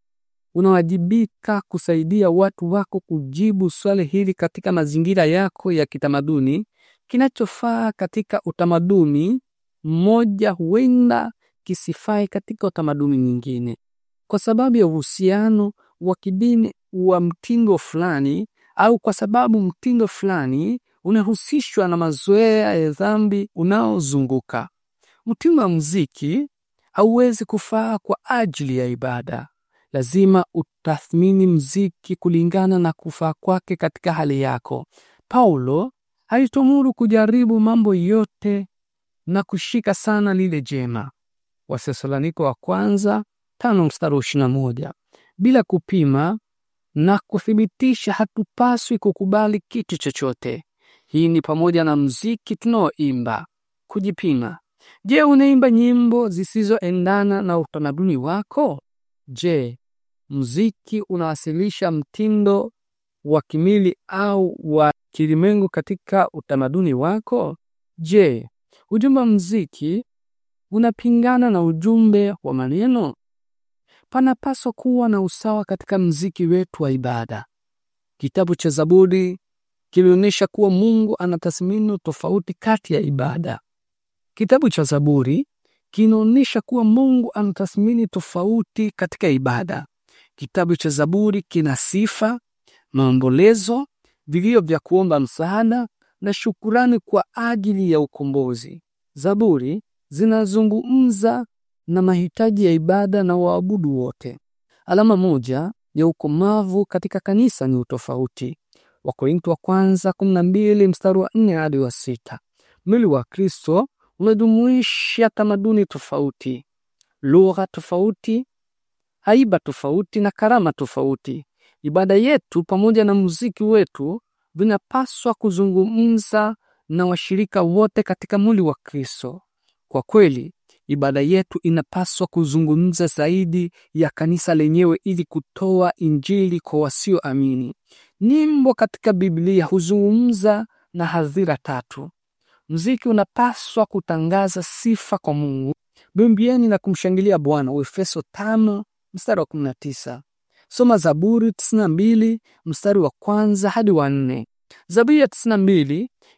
unawajibika kusaidia watu wako kujibu swali hili katika mazingira yako ya kitamaduni. Kinachofaa katika utamaduni mmoja huenda kisifai katika utamaduni nyingine, kwa sababu ya uhusiano wa kidini wa mtindo fulani, au kwa sababu mtindo fulani unahusishwa na mazoea ya dhambi unaozunguka. Mtindo wa muziki hauwezi kufaa kwa ajili ya ibada. Lazima utathmini muziki kulingana na kufaa kwake katika hali yako. Paulo haitumuru kujaribu mambo yote na kushika sana lile jema. Wathesaloniko wa kwanza tano mstari wa ishirini na moja. Bila kupima na kuthibitisha, hatupaswi kukubali kitu chochote. Hii ni pamoja na mziki tunaoimba. Kujipima. Je, unaimba nyimbo zisizoendana na utamaduni wako? Je, mziki unawasilisha mtindo wa kimili au wa kilimwengu katika utamaduni wako? Je, wa mziki unapingana na ujumbe wa maneno. Panapaswa kuwa na usawa katika mziki wetu wa ibada. Kitabu cha Zaburi kilionyesha kuwa Mungu ana tathmini tofauti kati ya ibada. Kitabu cha Zaburi kinaonyesha kuwa Mungu ana tathmini tofauti katika ibada. Kitabu cha Zaburi kina sifa, maombolezo, vilio vya kuomba msaada na shukurani kwa ajili ya ukombozi. Zaburi zinazungumza na mahitaji ya ibada na waabudu wote. Alama moja ya ukomavu katika kanisa ni utofauti. Wakorintho wa kwanza 12 mstari wa 4 hadi wa sita. Mwili wa Kristo unajumuisha tamaduni tofauti, lugha tofauti, haiba tofauti na karama tofauti. Ibada yetu pamoja na muziki wetu vinapaswa kuzungumza na washirika wote katika mwili wa Kristo. Kwa kweli, ibada yetu inapaswa kuzungumza zaidi ya kanisa lenyewe ili kutoa injili kwa wasioamini. Nyimbo katika Biblia huzungumza na hadhira tatu. Mziki unapaswa kutangaza sifa kwa Mungu. Bimbieni na kumshangilia Bwana, Uefeso 5 mstari wa 19. Soma Zaburi 92 mstari wa kwanza hadi wa nne. Zaburi ya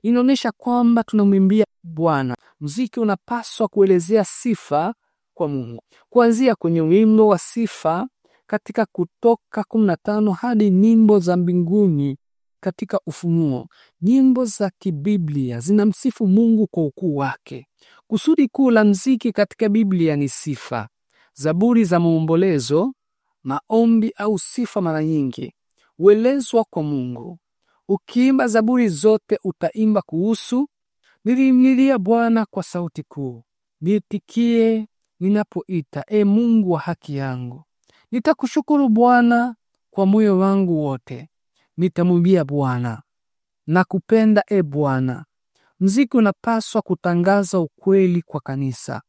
inaonyesha kwamba tunamwimbia Bwana. Mziki unapaswa kuelezea sifa kwa Mungu, kuanzia kwenye wimbo wa sifa katika Kutoka 15 hadi nyimbo za mbinguni katika Ufunuo. Nyimbo za kibiblia zinamsifu Mungu kwa ukuu wake. Kusudi kuu la mziki katika Biblia ni sifa. Zaburi za maombolezo, maombi au sifa mara nyingi huelezwa kwa Mungu. Ukiimba zaburi zote utaimba kuhusu, nilimlilia Bwana kwa sauti kuu, niitikie ninapoita, e Mungu wa haki yangu. Nitakushukuru Bwana kwa moyo wangu wote, nitamwimbia Bwana. na kupenda e Bwana. Mziki unapaswa kutangaza ukweli kwa kanisa,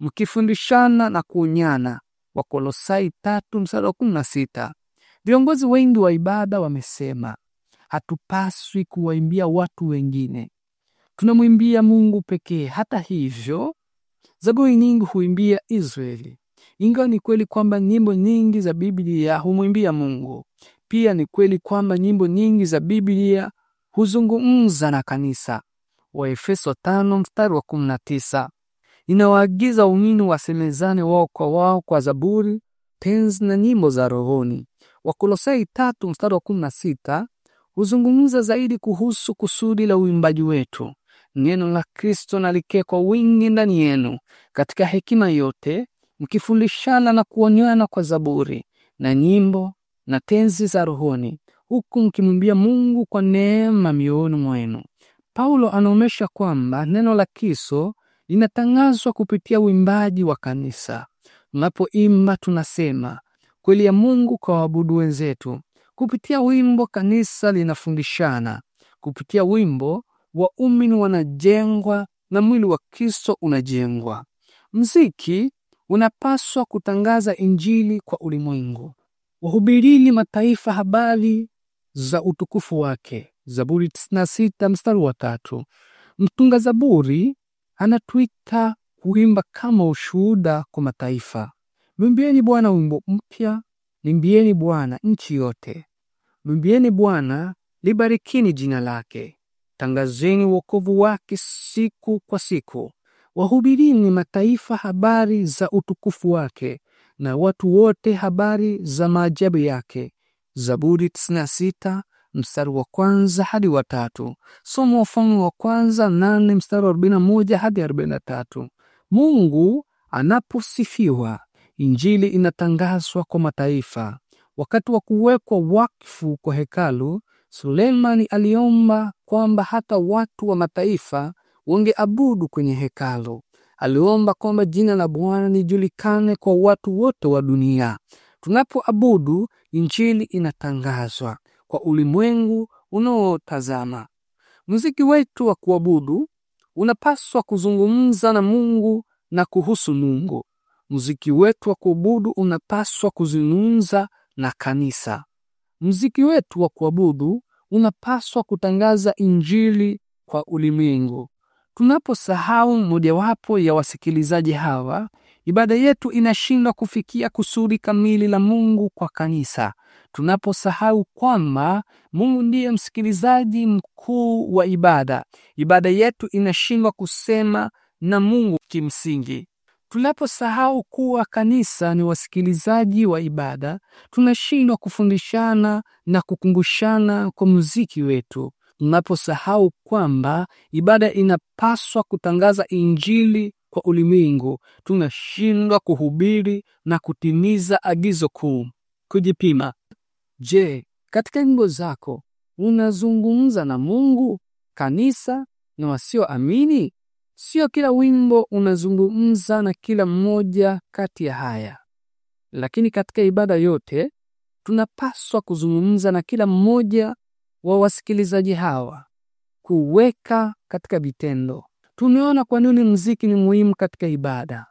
mkifundishana na kuonyana. Wakolosai tatu mstari wa kumi na sita. Viongozi wengi wa ibada wamesema hatupaswi kuwaimbia watu wengine, tunamwimbia Mungu pekee. Hata hivyo, Zaburi nyingi huimbia Israeli. Ingawa ni kweli kwamba nyimbo nyingi za Biblia humwimbia Mungu, pia ni kweli kwamba nyimbo nyingi za Biblia huzungumza na kanisa. Waefeso tano mstari wa kumi na tisa inawaagiza umini wasemezane wao kwa wao kwa zaburi, penzi na nyimbo za rohoni. Wakolosai tatu mstari wa kumi na sita huzungumza zaidi kuhusu kusudi la uimbaji wetu. Neno la Kristo na kwa wingi ndani yenu katika hekima yote, mkifundishana na kuonyana kwa zaburi na nyimbo na tenzi za rohoni, huku mkimwimbia Mungu kwa neema mioyoni mwenu. Paulo anaonyesha kwamba neno la Kristo linatangazwa kupitia uimbaji wa kanisa. Tunapoimba tunasema kweli ya Mungu kwa waabudu wenzetu. Kupitia wimbo kanisa linafundishana, kupitia wimbo waumini wanajengwa na mwili wa Kristo unajengwa. Mziki unapaswa kutangaza injili kwa ulimwengu. Wahubirini mataifa habari za utukufu wake. Zaburi 96 mstari wa tatu. Mtunga zaburi anatuita kuimba kama ushuhuda kwa mataifa. Mwimbieni Bwana wimbo mpya, Limbieni Bwana nchi yote, mwimbieni Bwana, libarikini jina lake. Tangazeni wokovu wake siku kwa siku, wahubirini mataifa habari za utukufu wake, na watu wote habari za maajabu yake. Zaburi 96 mstari wa kwanza hadi wa tatu. Somo Wafalme wa kwanza nane mstari wa 41 hadi 43. Mungu anaposifiwa Injili inatangazwa kwa mataifa. Wakati wa kuwekwa wakfu kwa hekalu, Suleimani aliomba kwamba hata watu wa mataifa wangeabudu kwenye hekalu. Aliomba kwamba jina la Bwana lijulikane kwa watu wote wa dunia. Tunapoabudu, injili inatangazwa kwa ulimwengu unaotazama. Muziki wetu wa kuabudu unapaswa kuzungumza na Mungu na kuhusu Mungu. Muziki wetu wa kuabudu unapaswa kuzungumza na kanisa. Muziki wetu wa kuabudu unapaswa kutangaza injili kwa ulimwengu. Tunaposahau mojawapo ya wasikilizaji hawa, ibada yetu inashindwa kufikia kusudi kamili la Mungu kwa kanisa. Tunaposahau kwamba Mungu ndiye msikilizaji mkuu wa ibada, ibada yetu inashindwa kusema na Mungu kimsingi. Tunaposahau kuwa kanisa ni wasikilizaji wa ibada, tunashindwa kufundishana na kukumbushana kwa muziki wetu. Tunaposahau kwamba ibada inapaswa kutangaza Injili kwa ulimwengu, tunashindwa kuhubiri na kutimiza agizo kuu. Kujipima. Je, katika nyimbo zako unazungumza na Mungu, kanisa na wasioamini? Sio kila wimbo unazungumza na kila mmoja kati ya haya, lakini katika ibada yote tunapaswa kuzungumza na kila mmoja wa wasikilizaji hawa, kuweka katika vitendo. Tumeona kwa nini muziki ni muhimu katika ibada.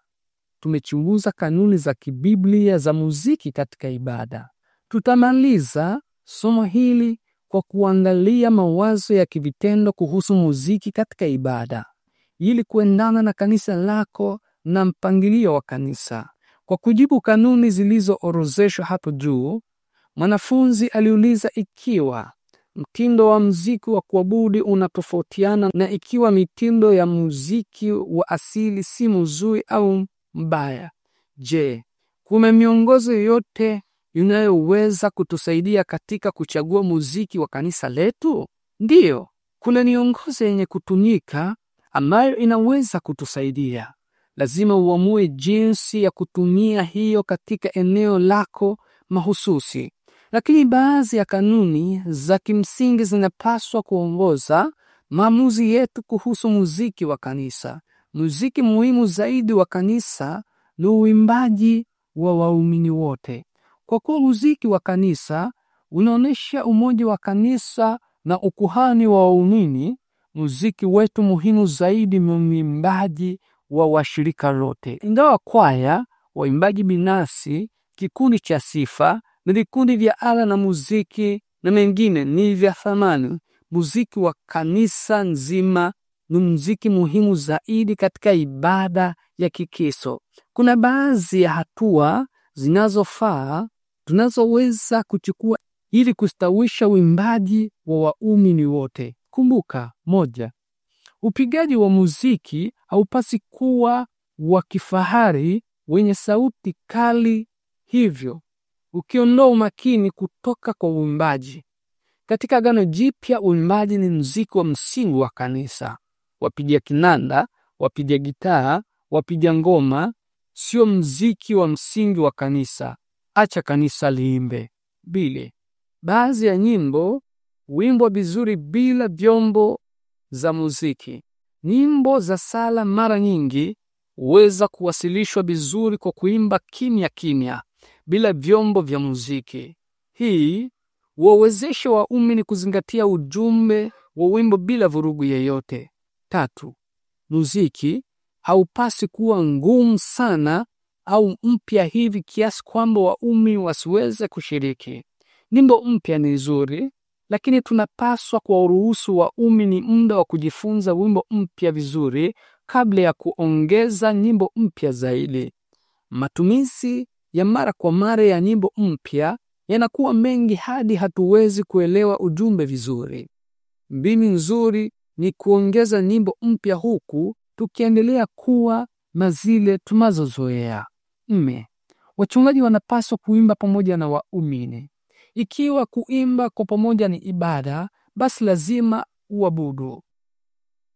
Tumechunguza kanuni za kibiblia za muziki katika ibada. Tutamaliza somo hili kwa kuangalia mawazo ya kivitendo kuhusu muziki katika ibada ili kuendana na kanisa lako na mpangilio wa kanisa. Kwa kujibu kanuni zilizoorozeshwa hapo juu, mwanafunzi aliuliza ikiwa mtindo wa muziki wa kuabudu unatofautiana na ikiwa mitindo ya muziki wa asili si mzuri au mbaya. Je, kuna miongozo yoyote inayoweza kutusaidia katika kuchagua muziki wa kanisa letu? Ndiyo, kuna miongozo yenye kutumika ambayo inaweza kutusaidia. Lazima uamue jinsi ya kutumia hiyo katika eneo lako mahususi, lakini baadhi ya kanuni za kimsingi zinapaswa kuongoza maamuzi yetu kuhusu muziki wa kanisa. Muziki muhimu zaidi wa kanisa ni uimbaji wa waumini wote, kwa kuwa muziki wa kanisa unaonyesha umoja wa kanisa na ukuhani wa waumini muziki wetu muhimu zaidi muimbaji wa washirika lote. Ingawa kwaya, waimbaji binafsi, kikundi cha sifa na vikundi vya ala na muziki na mengine ni vya thamani, muziki wa kanisa nzima ni muziki muhimu zaidi katika ibada ya Kikristo. Kuna baadhi ya hatua zinazofaa tunazoweza kuchukua ili kustawisha uimbaji wa waumini wote. Kumbuka, moja, upigaji wa muziki haupasi kuwa wa kifahari, wenye sauti kali hivyo, ukiondoa umakini kutoka kwa uimbaji. Katika Agano Jipya, uimbaji ni muziki wa msingi wa kanisa. Wapiga kinanda, wapiga gitaa, wapiga ngoma sio muziki wa msingi wa kanisa. Acha kanisa liimbe. Bili, baadhi ya nyimbo wimbo vizuri bila vyombo za muziki. Nyimbo za sala mara nyingi huweza kuwasilishwa vizuri kwa kuimba kimya kimya bila vyombo vya muziki. Hii huwawezesha waumini kuzingatia ujumbe wa wimbo bila vurugu yeyote. Tatu, muziki haupasi kuwa ngumu sana au mpya hivi kiasi kwamba waumini wasiweze kushiriki. Nyimbo mpya ni nzuri, lakini tunapaswa kuwaruhusu waumini muda wa kujifunza wimbo mpya vizuri kabla ya kuongeza nyimbo mpya zaidi. Matumizi ya mara kwa mara ya nyimbo mpya yanakuwa mengi hadi hatuwezi kuelewa ujumbe vizuri. Mbinu nzuri ni kuongeza nyimbo mpya huku tukiendelea kuwa na zile tunazozoea. wachungaji wanapaswa kuimba pamoja na waumini. Ikiwa kuimba kwa pamoja ni ibada, basi lazima uabudu.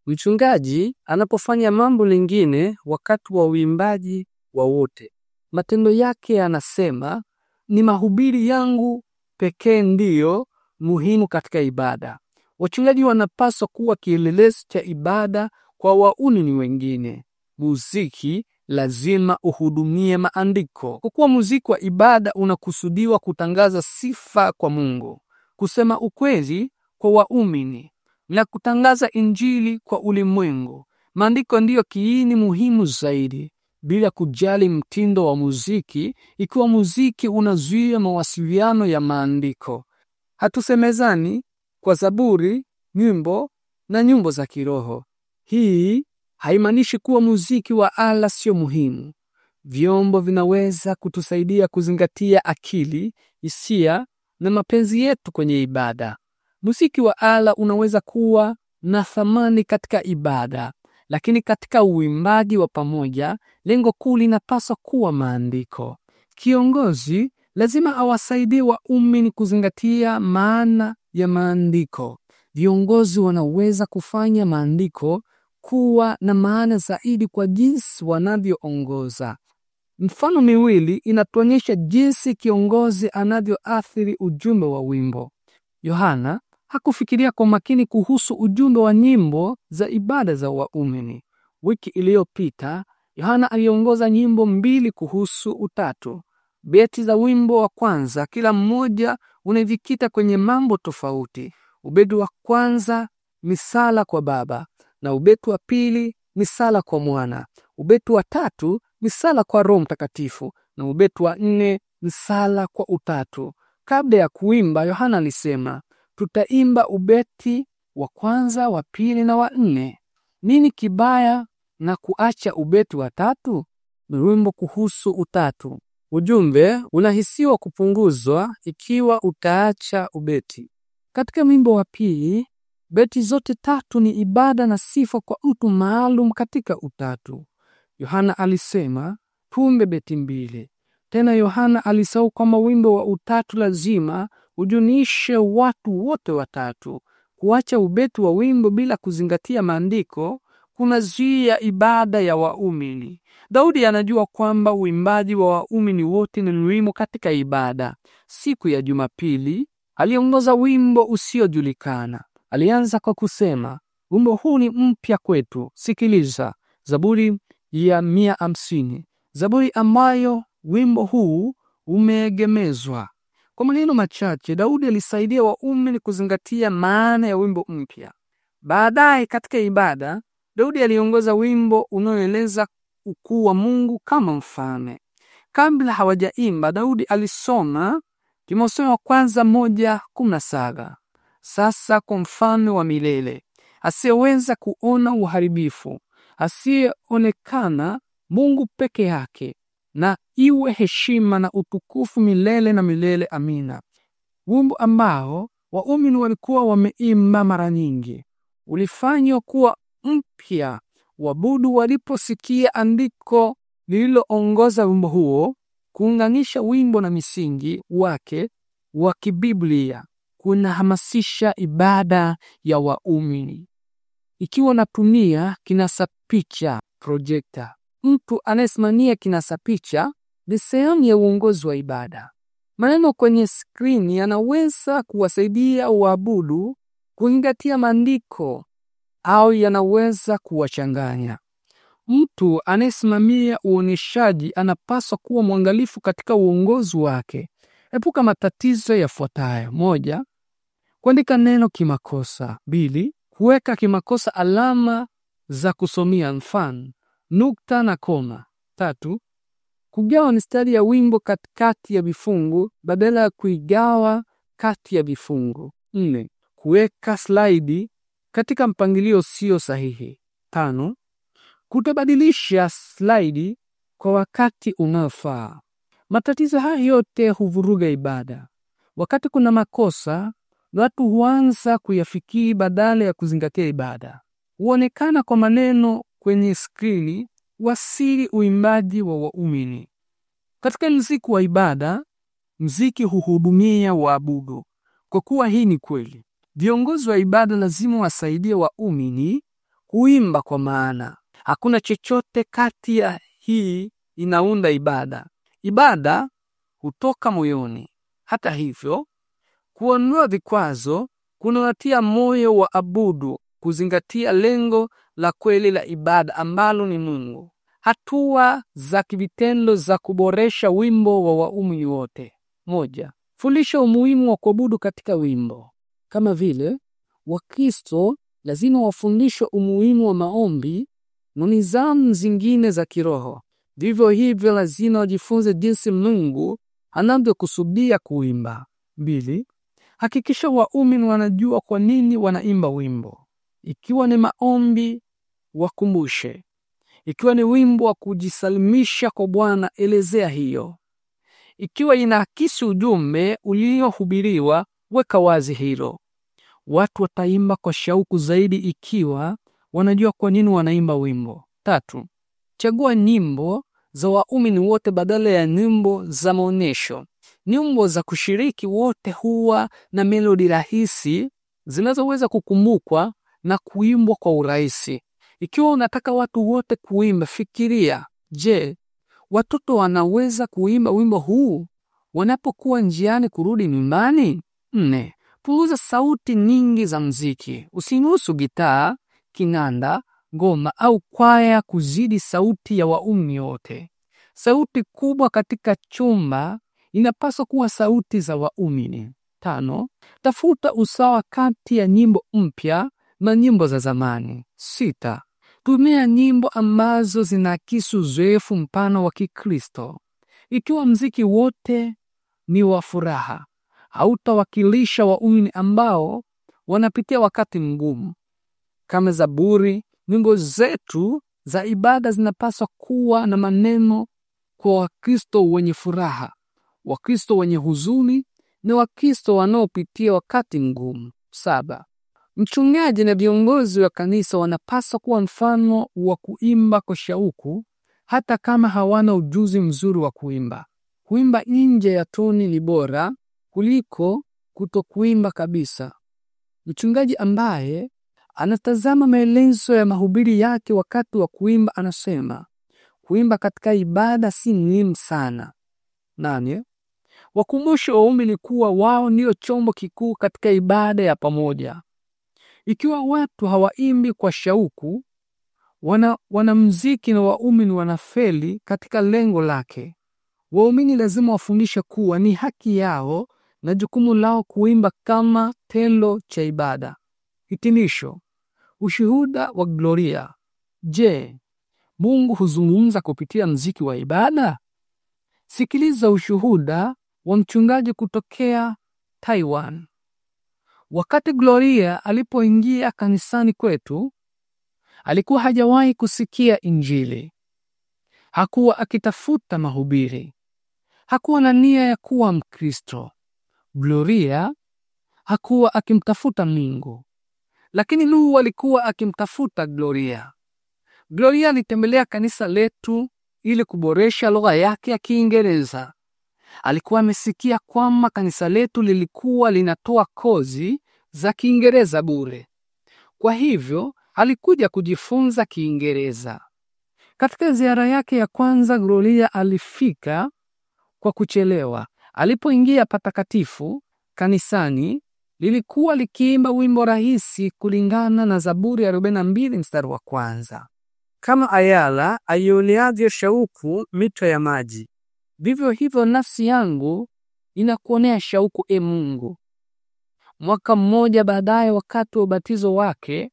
Mchungaji anapofanya mambo lingine wakati wa uimbaji wote, matendo yake anasema ni mahubiri yangu pekee ndiyo muhimu katika ibada. Wachungaji wanapaswa kuwa kielelezo cha ibada kwa wauni ni wengine. Muziki lazima uhudumie maandiko, kwa kuwa muziki wa ibada unakusudiwa kutangaza sifa kwa Mungu, kusema ukweli kwa waumini na kutangaza injili kwa ulimwengu. Maandiko ndiyo kiini muhimu zaidi, bila kujali mtindo wa muziki. Ikiwa muziki unazuia mawasiliano ya maandiko, hatusemezani kwa zaburi, nyimbo na nyimbo za kiroho. Hii haimaanishi kuwa muziki wa ala sio muhimu. Vyombo vinaweza kutusaidia kuzingatia akili, hisia na mapenzi yetu kwenye ibada. Muziki wa ala unaweza kuwa na thamani katika ibada, lakini katika uimbaji wa pamoja, lengo kuu linapaswa kuwa maandiko. Kiongozi lazima awasaidie waumini kuzingatia maana ya maandiko. Viongozi wanaweza kufanya maandiko kuwa na maana zaidi kwa jinsi wanavyoongoza. Mfano miwili inatuonyesha jinsi kiongozi anavyoathiri ujumbe wa wimbo. Yohana hakufikiria kwa makini kuhusu ujumbe wa nyimbo za ibada za waumini. Wiki iliyopita Yohana aliongoza nyimbo mbili kuhusu utatu. Beti za wimbo wa kwanza, kila mmoja unajikita kwenye mambo tofauti. ubedi wa kwanza, misala kwa Baba na ubeti wa pili ni sala kwa mwana, ubeti wa tatu ni sala kwa Roho Mtakatifu na ubeti wa nne ni sala kwa utatu. Kabla ya kuimba, Yohana alisema tutaimba ubeti wa kwanza, wa pili na wa nne. Nini kibaya na kuacha ubeti wa tatu? Ni wimbo kuhusu utatu. Ujumbe unahisiwa kupunguzwa ikiwa utaacha ubeti. Katika wimbo wa pili Beti zote tatu ni ibada na sifa kwa mtu maalum katika utatu. Yohana alisema tumbe beti mbili. Tena Yohana alisahau kwamba wimbo wa utatu lazima ujunishe watu wote watatu. Kuacha ubeti wa wimbo bila kuzingatia maandiko kunazuia ibada ya waumini. Daudi anajua kwamba uimbaji wa waumini wote ni muhimu katika ibada. Siku ya Jumapili aliongoza wimbo usiojulikana. Alianza kwa kusema, wimbo huu ni mpya kwetu. Sikiliza Zaburi ya mia hamsini, Zaburi ambayo wimbo huu umeegemezwa. Kwa maneno machache, Daudi alisaidia waumini kuzingatia maana ya wimbo mpya. Baadaye katika ibada, Daudi aliongoza wimbo unaoeleza ukuu wa Mungu kama mfalme. Kabla hawajaimba, Daudi alisoma Timotheo wa kwanza moja kumi na saba sasa kwa mfano wa milele, asiyeweza kuona uharibifu, asiyeonekana, Mungu peke yake. Na iwe heshima na utukufu milele na milele. Amina. Wimbo ambao waumini walikuwa wameimba mara nyingi ulifanywa kuwa mpya wabudu waliposikia andiko lililoongoza wimbo huo, kuunganisha wimbo na misingi wake wa kibiblia unahamasisha ibada ya waumini. Ikiwa unatumia kinasa picha projekta, mtu anayesimamia kinasa picha ni sehemu ya uongozi wa ibada. Maneno kwenye skrini yanaweza kuwasaidia waabudu kuingatia maandiko au yanaweza kuwachanganya. Mtu anayesimamia uonyeshaji anapaswa kuwa mwangalifu katika uongozi wake. Epuka matatizo yafuatayo: moja, kuandika neno kimakosa. Bili, kuweka kimakosa alama za kusomia mfano nukta na koma. Tatu, kugawa mistari ya wimbo katikati ya vifungu badala ya kuigawa kati ya vifungu. Nne, kuweka slaidi katika mpangilio sio sahihi. Tano, kutabadilisha slaidi kwa wakati unaofaa. Matatizo haya yote huvuruga ibada. Wakati kuna makosa watu huanza kuyafikiri badala ya kuzingatia ibada. Huonekana kwa maneno kwenye skrini, wasili uimbaji wa waumini. Katika mziki wa ibada, mziki huhudumia waabudu. Kwa kuwa hii ni kweli, viongozi wa ibada lazima wasaidie waumini kuimba, kwa maana hakuna chochote kati ya hii inaunda ibada. Ibada hutoka moyoni. Hata hivyo Kuondoa vikwazo kunawatia moyo wa abudu kuzingatia lengo la kweli la ibada ambalo ni Mungu. Hatua za kivitendo za kuboresha wimbo wa waumi wote. Moja, fundisha umuhimu wa kuabudu katika wimbo. Kama vile Wakristo lazima wafundishwe umuhimu wa maombi na nizamu zingine za kiroho. Vivyo hivyo lazima wajifunze jinsi Mungu anavyokusudia kuimba. Mbili, Hakikisha waumini wanajua kwa nini wanaimba wimbo. Ikiwa ni maombi, wakumbushe. Ikiwa ni wimbo wa kujisalimisha kwa Bwana, elezea hiyo. Ikiwa inaakisi ujumbe uliohubiriwa, weka wazi hilo. Watu wataimba kwa shauku zaidi ikiwa wanajua kwa nini wanaimba wimbo. Tatu, chagua nyimbo za waumini wote badala ya nyimbo za maonyesho. Nyimbo za kushiriki wote huwa na melodi rahisi zinazoweza kukumbukwa na kuimbwa kwa urahisi. Ikiwa unataka watu wote kuimba, fikiria, je, watoto wanaweza kuimba wimbo huu wanapokuwa njiani kurudi nyumbani? Nne, puuza sauti nyingi za mziki. Usiruhusu gitaa, kinanda, ngoma au kwaya kuzidi sauti ya waumi wote. Sauti kubwa katika chumba inapaswa kuwa sauti za waumini. Tano, tafuta usawa kati ya nyimbo mpya na nyimbo za zamani. Sita, tumia nyimbo ambazo zinaakisi uzoefu mpana wa Kikristo. Ikiwa mziki wote ni wa furaha, hautawakilisha waumini ambao wanapitia wakati mgumu. Kama Zaburi, nyimbo zetu za ibada zinapaswa kuwa na maneno kwa Wakristo wenye furaha, Wakristo wenye huzuni na Wakristo wanaopitia wakati mgumu. Saba, mchungaji na viongozi wa kanisa wanapaswa kuwa mfano wa kuimba kwa shauku, hata kama hawana ujuzi mzuri wa kuimba. Kuimba nje ya toni ni bora kuliko kutokuimba kabisa. Mchungaji ambaye anatazama maelezo ya mahubiri yake wakati wa kuimba anasema, kuimba katika ibada si muhimu sana. Nane, Wakumbushe waumini kuwa wao ndio chombo kikuu katika ibada ya pamoja. Ikiwa watu hawaimbi kwa shauku, wana mziki na waumini wanafeli katika lengo lake. Waumini lazima wafundishe kuwa ni haki yao na jukumu lao kuimba kama tendo cha ibada. Hitimisho: ushuhuda wa Gloria. Je, Mungu huzungumza kupitia mziki wa ibada? Sikiliza ushuhuda wa mchungaji kutokea Taiwan. Wakati Gloria alipoingia kanisani kwetu, alikuwa hajawahi kusikia Injili. Hakuwa akitafuta mahubiri. Hakuwa na nia ya kuwa Mkristo. Gloria hakuwa akimtafuta Mungu, lakini luu alikuwa akimtafuta Gloria. Gloria alitembelea kanisa letu ili kuboresha lugha yake ya Kiingereza. Alikuwa amesikia kwamba kanisa letu lilikuwa linatoa kozi za Kiingereza bure. Kwa hivyo alikuja kujifunza Kiingereza. Katika ziara yake ya kwanza, Gloria alifika kwa kuchelewa. Alipoingia patakatifu kanisani, lilikuwa likiimba wimbo rahisi kulingana na Zaburi ya 42 mstari wa kwanza. Kama ayala aioneavyo shauku mito ya maji. Vivyo hivyo nafsi yangu inakuonea shauku, e Mungu. Mwaka mmoja baadaye, wakati wa ubatizo wake,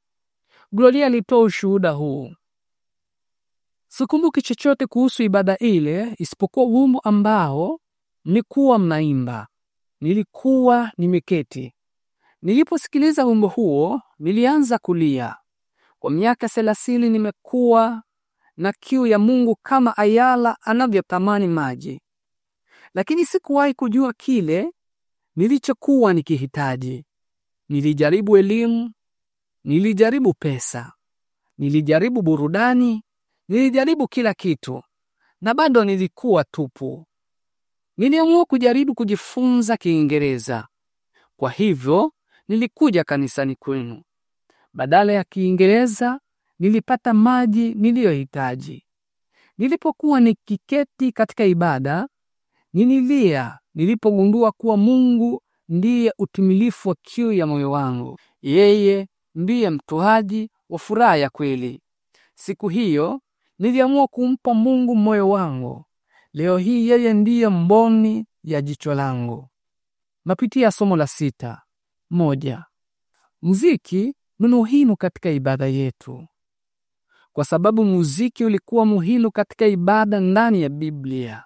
Gloria alitoa ushuhuda huu: sikumbuki chochote kuhusu ibada ile isipokuwa wimbo ambao nikuwa mnaimba. Nilikuwa nimeketi. Niliposikiliza wimbo huo, nilianza kulia. Kwa miaka thelathini nimekuwa na kiu ya Mungu kama ayala anavyotamani maji, lakini sikuwahi kujua kile nilichokuwa nikihitaji. Nilijaribu elimu, nilijaribu pesa, nilijaribu burudani, nilijaribu kila kitu, na bado nilikuwa tupu. Niliamua kujaribu kujifunza Kiingereza. Kwa hivyo nilikuja kanisani kwenu. Badala ya Kiingereza nilipata maji niliyohitaji. Nilipokuwa nikiketi katika ibada, nililia nilipogundua kuwa Mungu ndiye utimilifu wa kiu ya moyo wangu. Yeye ndiye mtoaji wa furaha ya kweli. Siku hiyo niliamua kumpa Mungu moyo wangu. Leo hii yeye ndiye mboni ya jicho langu. Mapitia somo la sita. Moja. Muziki ni muhimu katika ibada yetu kwa sababu muziki ulikuwa muhimu katika ibada ndani ya Biblia,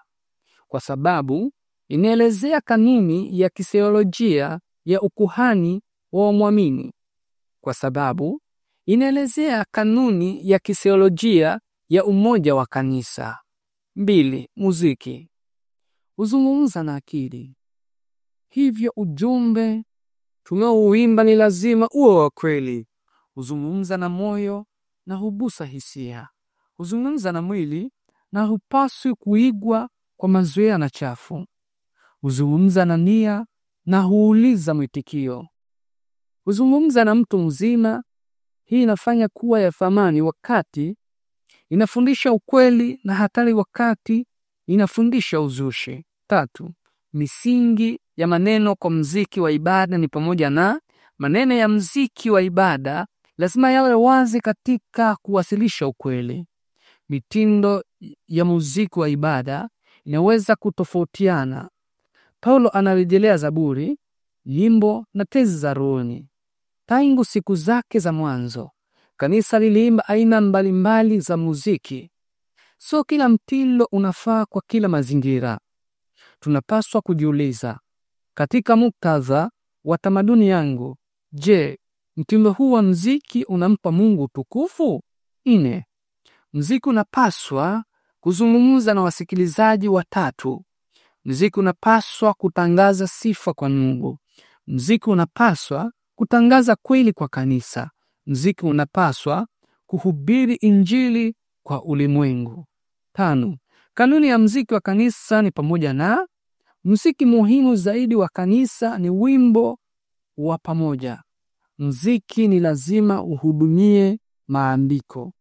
kwa sababu inaelezea kanuni ya kiseolojia ya ukuhani wa mwamini, kwa sababu inaelezea kanuni ya kiseolojia ya umoja wa kanisa. Mbili, muziki huzungumza na akili, hivyo ujumbe tunaouimba ni lazima uwe wa kweli, huzungumza na moyo na hubusa hisia, huzungumza na mwili na hupaswi kuigwa kwa mazoea na chafu. Huzungumza na nia na huuliza mwitikio. Huzungumza na mtu mzima. Hii inafanya kuwa ya thamani wakati inafundisha ukweli na hatari wakati inafundisha uzushi. Tatu, misingi ya maneno kwa mziki wa ibada ni pamoja na maneno ya mziki wa ibada lazima yawe wazi katika kuwasilisha ukweli. Mitindo ya muziki wa ibada inaweza kutofautiana. Paulo anarejelea Zaburi, nyimbo na tezi za rohoni. Tangu siku zake za mwanzo, kanisa liliimba aina mbalimbali za muziki. Sio kila mtindo unafaa kwa kila mazingira. Tunapaswa kujiuliza, katika muktadha wa tamaduni yangu, je, Mtindo huu wa mziki unampa Mungu tukufu Ine, mziki unapaswa kuzungumza na wasikilizaji watatu. Mziki unapaswa kutangaza sifa kwa Mungu. Mziki unapaswa kutangaza kweli kwa kanisa. Mziki unapaswa kuhubiri injili kwa ulimwengu. Tano, kanuni ya mziki wa kanisa ni pamoja na mziki muhimu zaidi wa kanisa ni wimbo wa pamoja. Mziki ni lazima uhudumie maandiko